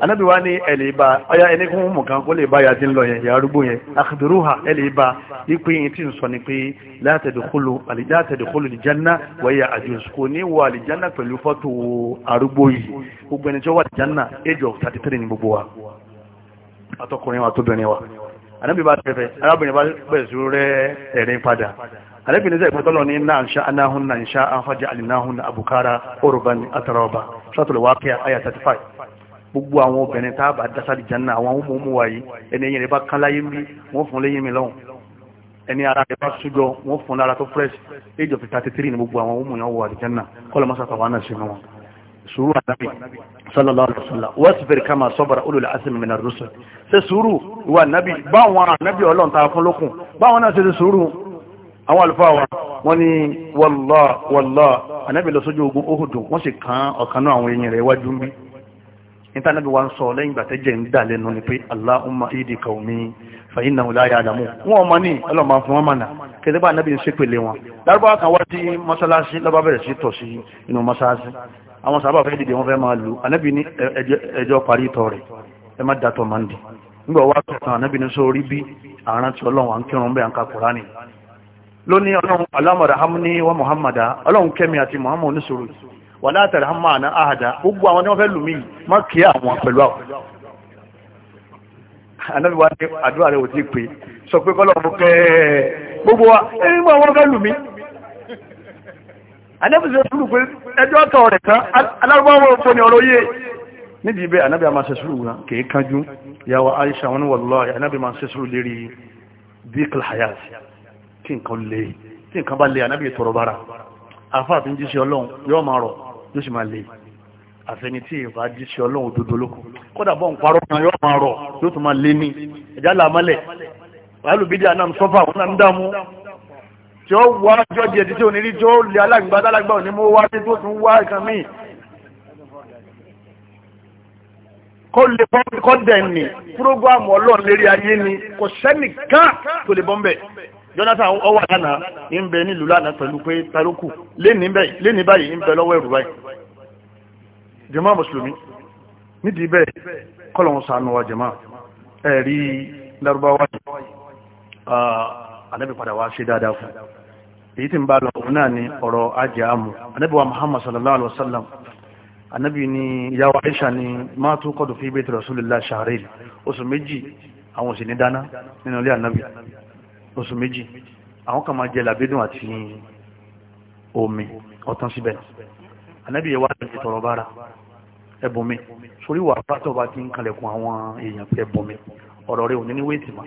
anábì wá ní ẹ̀lẹ́ ìbá ọya ẹni kún mọ̀ kan kó lè bá ya ti ń lọ yẹn ya arúgbó yẹn akhbiruha ẹ̀lẹ́ ìbá wípé yìí tí ń sọ ni pé la tadkhulu la tadkhulu àlìjánná wa hiya ajuz kò ní wọ àlìjánná pẹ̀lú fọ́tò arúgbó yìí gbogbo ẹni tí wọ́n wà àlìjánná age of 33 ni gbogbo wa àtọkùnrin wa àtobìnrin wa ànábì bá tẹ̀fẹ̀ arábìnrin bá bẹ̀rẹ̀ sí rẹ̀ padà ànábì sẹ́yìn pẹ́tọ́lọ́ ní náà ṣá anáhùn náà ṣá ahọ́jà àlìnáhùn àbùkárà orùban àtàràọ̀bà sọ́tòlù wá pẹ́ àyà 35 gbogbo àwọn obìnrin tá a bá dásá di janna àwọn ọmọ ọmọ wa yìí ẹni ẹ̀yìn bá kán láyé mi wọ́n fún lẹ́yìn mi lọ́hùn ẹni ara rẹ̀ bá sújọ wọ́n fún lára tó fresh age of 33 ni gbogbo àwọn ọmọ yẹn wọ àdìjánná kọ́lọ́ mọ́sàtà wà náà ṣe mọ́ sùúrù ànábì sallallahu alaihi wasallam wasbir kama sabara ulul azmi minar rusul ṣe sùúrù ìwà ànábì báwọn ànábì ọlọ́run ta fún lókun báwọn náà ṣe ṣe sùúrù àwọn àlùfáà wa wọ́n ní wọ́lọ́ wọ́lọ́ ànábì lọ sójú ogun Uhud wọ́n sì kan ọ̀kan náà àwọn èèyàn rẹ̀ wájú ń bí níta ànábì wa ń sọ lẹ́yìn gbàtẹ́jẹ̀ ń dà lẹ́nu ni pé Allahumma ihdi qawmi fa innahum la ya'lamun wọn ọmọ ní ọlọ́mọ fún wọn mọ̀nà kẹsẹ́ bá ànábì ń ṣépèlé wọn lárúbáwá kan wá sí mọ́sálásí lọ́ba bẹ̀rẹ̀ sí tọ̀ sí inú mọ́sálásí àwọn sábà fẹ́ dìde wọn fẹ́ máa lù anábì ní ẹjọ́ parí tọ́ rẹ̀ ẹ má dàtọ̀ máa ń dì nígbà wá tọ̀tàn anábì ní sórí bí àrùn ti ọlọ́run à bẹ́ẹ̀ à ń ka lónìí ọlọ́run alámọ̀dá hamni wa muhammada ọlọ́run kẹ́mi àti muhammad oníṣòro wà látàrí hamana ahada gbogbo àwọn tí wọ́n fẹ́ lù mí má kí àwọn pẹ̀lú àwọn anábì wá ní àdúrà rẹ̀ ò tí ì pé sọ anábìsẹ̀ sùúrù pé ẹjọ́ tọ̀ rẹ̀ tán alárúbáwọ̀ òpó ni ọ̀rọ̀ yé níbi ibẹ̀ anábì máa ṣe sùúrù wọn kì í kánjú yàwó Aisha wọn wallahi anábì máa ṣe sùúrù lérí díkìl hayat kí nǹkan lè tí nǹkan bá lè anábì tọrọ bára àfáà tí ń jíṣẹ́ ọlọ́run yóò máa rọ̀ yóò sì máa lè àfẹni tí ìfà jíṣẹ́ ọlọ́run òdodo lóko kódà bọ́ ń parọ́ kan yóò máa rọ̀ yóò tún máa lé ní ẹ̀já làmọ́lẹ̀ wàhálù bídíà náà ń sọ́fà wọn náà ń dààmú tí ó wá ọjọ́ díẹ̀ títí òní rí tí ó lè alágbèbá alágbèbá òní mú wá tí tó tún wá nǹkan míì kó lè bọ́ kó dẹ̀ni púrógámù ọlọ́run lérí ayé ni kò sẹ́nìkan tó lè bọ́ ń bẹ̀ Jonathan ọwọ́ àdáná ń bẹ nílùú lánàá pẹ̀lú pé taroku léni báyìí ń bẹ lọ́wọ́ ẹ̀rù báyìí jàmá mùsùlùmí nídìí bẹ́ẹ̀ kọ́lọ̀ ń sànù wa jàmá ẹ̀rí lárúbáwá yìí ah, anábì padà wá ṣe dáadáa fún èyí tí ń bá lọ òun náà ni ọ̀rọ̀ ajáàmù anábì wa muhammad sallallahu alaihi wasallam anábì ni ìyàwó aisha ni máa tún kọ́dù fi bayti rasulillah shahrain oṣù méjì àwọn òsì ní dáná nínú ilé anábì oṣù méjì àwọn kan máa jẹ làbídùn àti omi ọ̀tán síbẹ̀ anábì yẹ wá lórí tọrọ bára ẹbùnmi sórí wà pátọ̀ bá ti ń kalẹ̀kùn àwọn èèyàn pé ẹbùnmi ọ̀rọ̀ rẹ̀ ò ní ní wéètì máa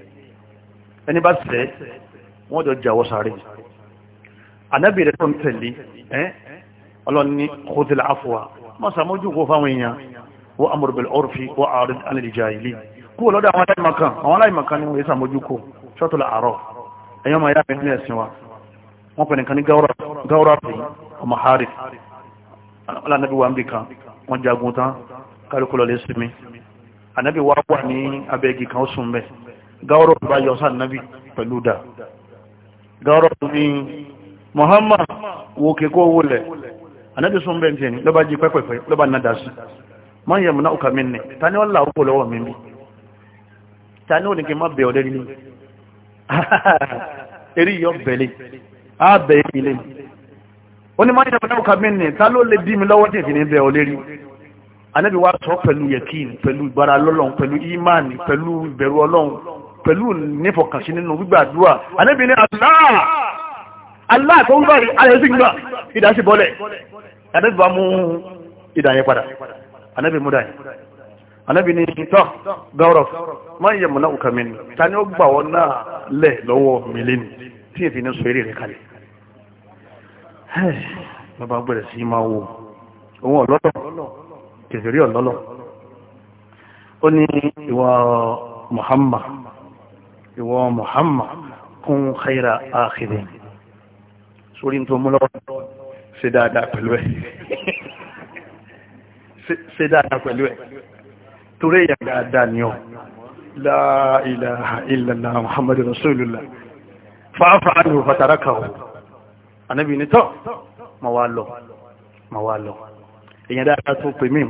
ẹni bá sẹ́ wọ́n jọ jàwọ́ sáré ànábì rẹ̀ tó ń tẹ̀lé ọlọ́ni kòtìlà àfọwà wọ́n sàmójú kó fáwọn èèyàn wọ́n amru bil urfi wọ́n ààrẹ alìjáìlì kú lọ́dọ̀ àwọn aláìmọ̀kan àwọn aláìmọ̀kan ni wọ́n yẹ sàmójú kó ṣọ́tọ̀lá àárọ̀ ẹ̀yọ́ máa yá mẹ́rin ẹ̀sìn wa wọ́n pẹ̀lú kan ní gáúrà pé ọmọ harry alánàbí gáwọ́rọ̀ bá yọ sáà nábì pẹ̀lú dà gáwọ́rọ̀ ní Muhammad wo kékó wọlẹ̀ anábì bẹ́ẹ̀ tiẹ̀ ní lọ́ba jí pẹ́pẹ́pẹ́ lọ́ba náà sí máa ń yẹ múná òkà mi nì ta ni wọ́n là ó lọ́wọ́ mi bí ta ni ó ní kí n má bẹ̀ ọ́dẹ́ nílé eré yọ bẹ̀lẹ̀ á bẹ̀ ilé ó ní máa ń yẹ múná òkà mi nì ta ló lè dí mi lọ́wọ́ tẹ̀ fi ní bẹ̀ ọ́dẹ́ rí anábì wa sọ pẹ̀lú yẹkín pẹ̀lú ìgbára lọ́lọ́run pẹ̀lú ìmánì pẹ̀lú ìbẹ̀rù ọlọ́run pẹ̀lú nífọ̀kànṣí nínú gbígbàdúrà ànábì ní Allah Allah tó ń báyìí ayẹ́sí gbà ìdá sí bọ́lẹ̀ ànábì bá mú ìdá yẹn padà ànábì mú dáyẹ ànábì ní tọ́ dọ́rọ̀ máa yẹ múná òkà mi ta ni ó gbà wọn náà lẹ̀ lọ́wọ́ mi lẹ́nu tí èfi ní sọ eré rẹ̀ kalẹ̀ bàbá gbẹ̀rẹ̀ sí máa wo òun ọ̀lọ́lọ̀ kẹfẹ̀rí ọ̀lọ́lọ̀ ó Muhammad ìwọ Muhammad kún khaira akhirin sórí tó mú lọ́wọ́ ṣe dáadáa pẹ̀lú ẹ̀ ṣe dáadáa pẹ̀lú ẹ̀ torí èyà dáadáa ni ọ la ilaha illallah muhammadu rasulullah fa'afa anhu fatarakahu anabi ni tọ́ ma wá lọ ma wá lọ èyàn dáadáa tó pè mí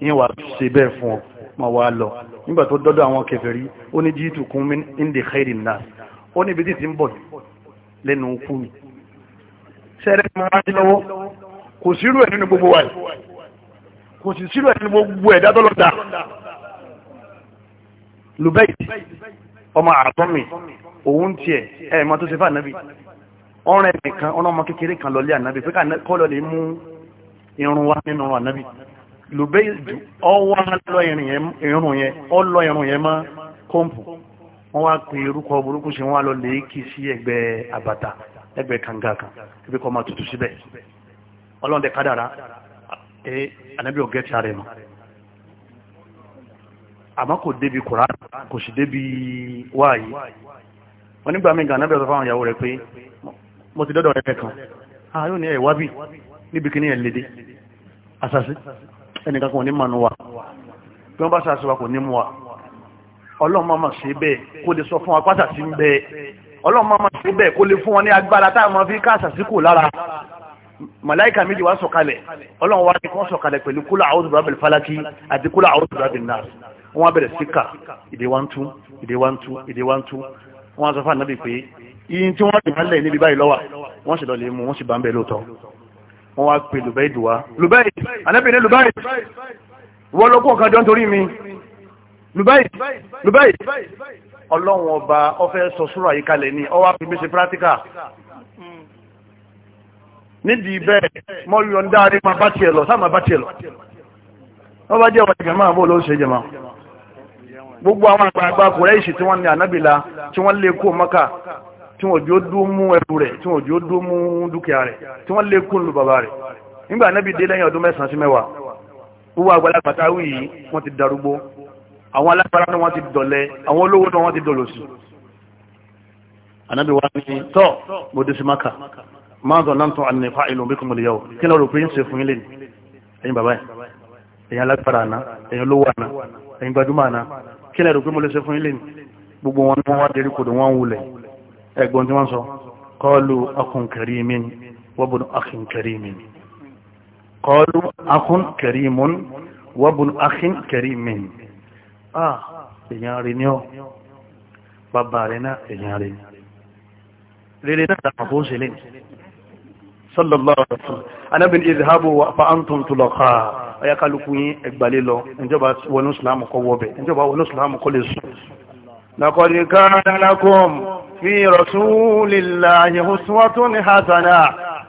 ìyẹn wà ṣe bẹ́ẹ̀ fún ọ ma wá lọ nígbà tó dọ́dọ̀ àwọn kèfèrí ó ní jíìtù kún mí ndè xẹ́rì náà ó níbi tí ti ń bọ̀ lẹ́nu kú mi sẹ́rẹ́ mi wá sí lọ́wọ́ kò sírú ẹ̀ nínú gbogbo wa kò sì sírú ẹ̀ nínú gbogbo ẹ̀dá tó lọ dà lùbẹ́yì ọmọ àtọ́mì òun tiẹ̀ ẹ̀ mọ́ tó ṣe fà nábì ọ̀rẹ́ nìkan ọ̀nà ọmọ kékeré kan lọ lé ànábì pé kọ́ lọ lè mú irun wá nínú ànábì lùbẹ́ẹ̀dù ọwọ́ lọ irun yẹn ọ lọ irun yẹn mọ́ kọ́ǹpù wọ́n wá pe orúkọ burúkú sí wọ́n lọ lè kí sí ẹgbẹ́ àbàtà ẹgbẹ́ kànga kan ibi kọ́ máa tutù síbẹ̀ ọlọ́run tẹ kádàrá ẹ ànábì ọ̀gẹ́ ti ara ẹ̀ mọ́ àmọ́ kò débi koran kò sì débi wáàyí wọ́n nígbà mí gan ànábì ọ̀sán fáwọn ìyàwó rẹ̀ pé mo ti dọ́dọ̀ rẹ̀ kan ah yóò ní ẹ̀ wábì níbi kíní ẹ̀ lédè asasi ẹnìkan kò ní mọ̀ nù wa bí wọ́n bá sàṣẹ wa kò ní mu wa ọlọ́run máa ma ṣe bẹ́ẹ̀ kó lè sọ fún wa pátá sí ń bẹ́ẹ̀ ọlọ́run máa ma ṣe bẹ́ẹ̀ kó lè fún wọn ní agbára táwọn máa fi ká àṣàṣíkò lára màláìka méjì wá sọ̀kalẹ̀ ọlọ́run wá ní kí wọ́n sọ̀kalẹ̀ pẹ̀lú kúlà àwòdù bàbẹ̀ falaki àti kúlà àwòdù bàbẹ̀ náà wọ́n wá bẹ̀rẹ̀ síkà ìdè wá ń tú ìdè wá ń tú ìdè wá ń tú wọ́n wá sọ fún ànábì wọ́n wá pè lùbẹ́ì dùwá lùbẹ́ì ànábì ní lùbẹ́ì wọ́n ló kó nǹkan jọ nítorí mi lùbẹ́ì lùbẹ́ì ọlọ́run ọba ọfẹ́ sọ súrà yìí kalẹ̀ ní ọwá fi gbèsè pírátíkà nídìí bẹ́ẹ̀ mọ́ yọ ń dáadé máa bá tiẹ̀ lọ sáà máa bá tiẹ̀ lọ wọ́n bá jẹ́ ọ̀rọ̀ ìjẹ̀mọ́ àbó ló ń ṣe jẹ̀mọ́ gbogbo àwọn àgbààgbà kò rẹ́ ìṣì tí wọ́n ní ànábìlà tí wọ́n lé kó mọ́kà tí wọ́n jó dún mú ẹrù rẹ̀ tí wọ́n jó dún mú dúkìá rẹ̀ tí wọ́n lé kún lu bàbá rẹ̀ nígbà anábì dé lẹ́yìn ọdún mẹ́sàn-án sí mẹ́wàá wúwo àgbàlagbà táwí wọ́n ti darúgbó àwọn alágbára náà wọ́n ti dọ̀lẹ àwọn olówó náà wọ́n ti dọ̀lọ̀sì anábì wa ní tọ́ mo dé sí maka máa zọ̀ náà tún àná ìfá ìlú bí kùmọ̀lì yàwó kí lọ́rọ̀ pé ń ṣe fún ilé ẹ̀yin bàbá ẹ̀ ẹ̀yin alágbára àná ẹ̀yin olówó àná ẹ̀yin gbajúmọ̀ àná kí lọ́rọ̀ pé mo gbogbo wọn ni wá dérí kodò wọn wulẹ̀ ẹgbọ́n tí wọ́n sọ kọlu akun karimin wabun akhin karimin kọlu akun karimun wabun akhin karimin ah èyàn rí ní ọ bàbá rẹ̀ náà èyàn rí rere náà dàpọ̀ fún sílẹ̀ sallallahu alaihi wasallam anabin izhabu wa fa antum tulaqa ayakaluku yin ẹgbàlè lọ ǹjọba wọnú islam kọ wọbẹ ǹjọba wọnú islam kọ lè sùn لقد كان لكم في رسول الله أسوة حسنة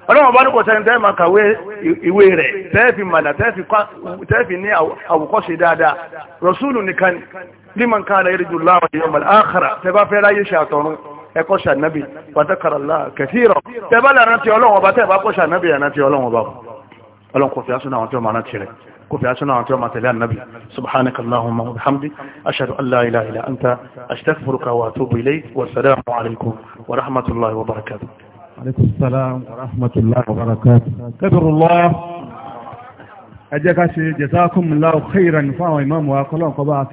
ọlọ́wọ̀n bá ní kò sẹ́ni tẹ́ẹ̀mà kàwé ìwé rẹ̀ tẹ́ẹ̀fì mànà tẹ́ẹ̀fì ní àwòkọ́ṣe dáadáa rọ̀súlù nìkan liman kana yẹ́rẹ́ jùlọ àwọn èèyàn mọ̀lá áhàrà tẹ́bá fẹ́ ráyé ṣàtọ̀run ẹkọ́ ṣànábì pàtàkàràlá kẹfìrọ̀ tẹ́bá lẹ́rántí ọlọ́wọ̀n bá tẹ́ẹ̀bá kọ́ ṣànábì ẹ̀rántí ọlọ́wọ̀n bá ọlọ́wọ̀n kò fi كفي عسنا عن طيوم عتلان نبي سبحانك اللهم وبحمدك أشهد أن لا إله إلا أنت أشتغفرك وأتوب إليك والسلام عليكم ورحمة الله وبركاته عليكم السلام ورحمة الله وبركاته كبر الله أجاكاشي جزاكم الله خيرا فاو إمام وقلون قبعات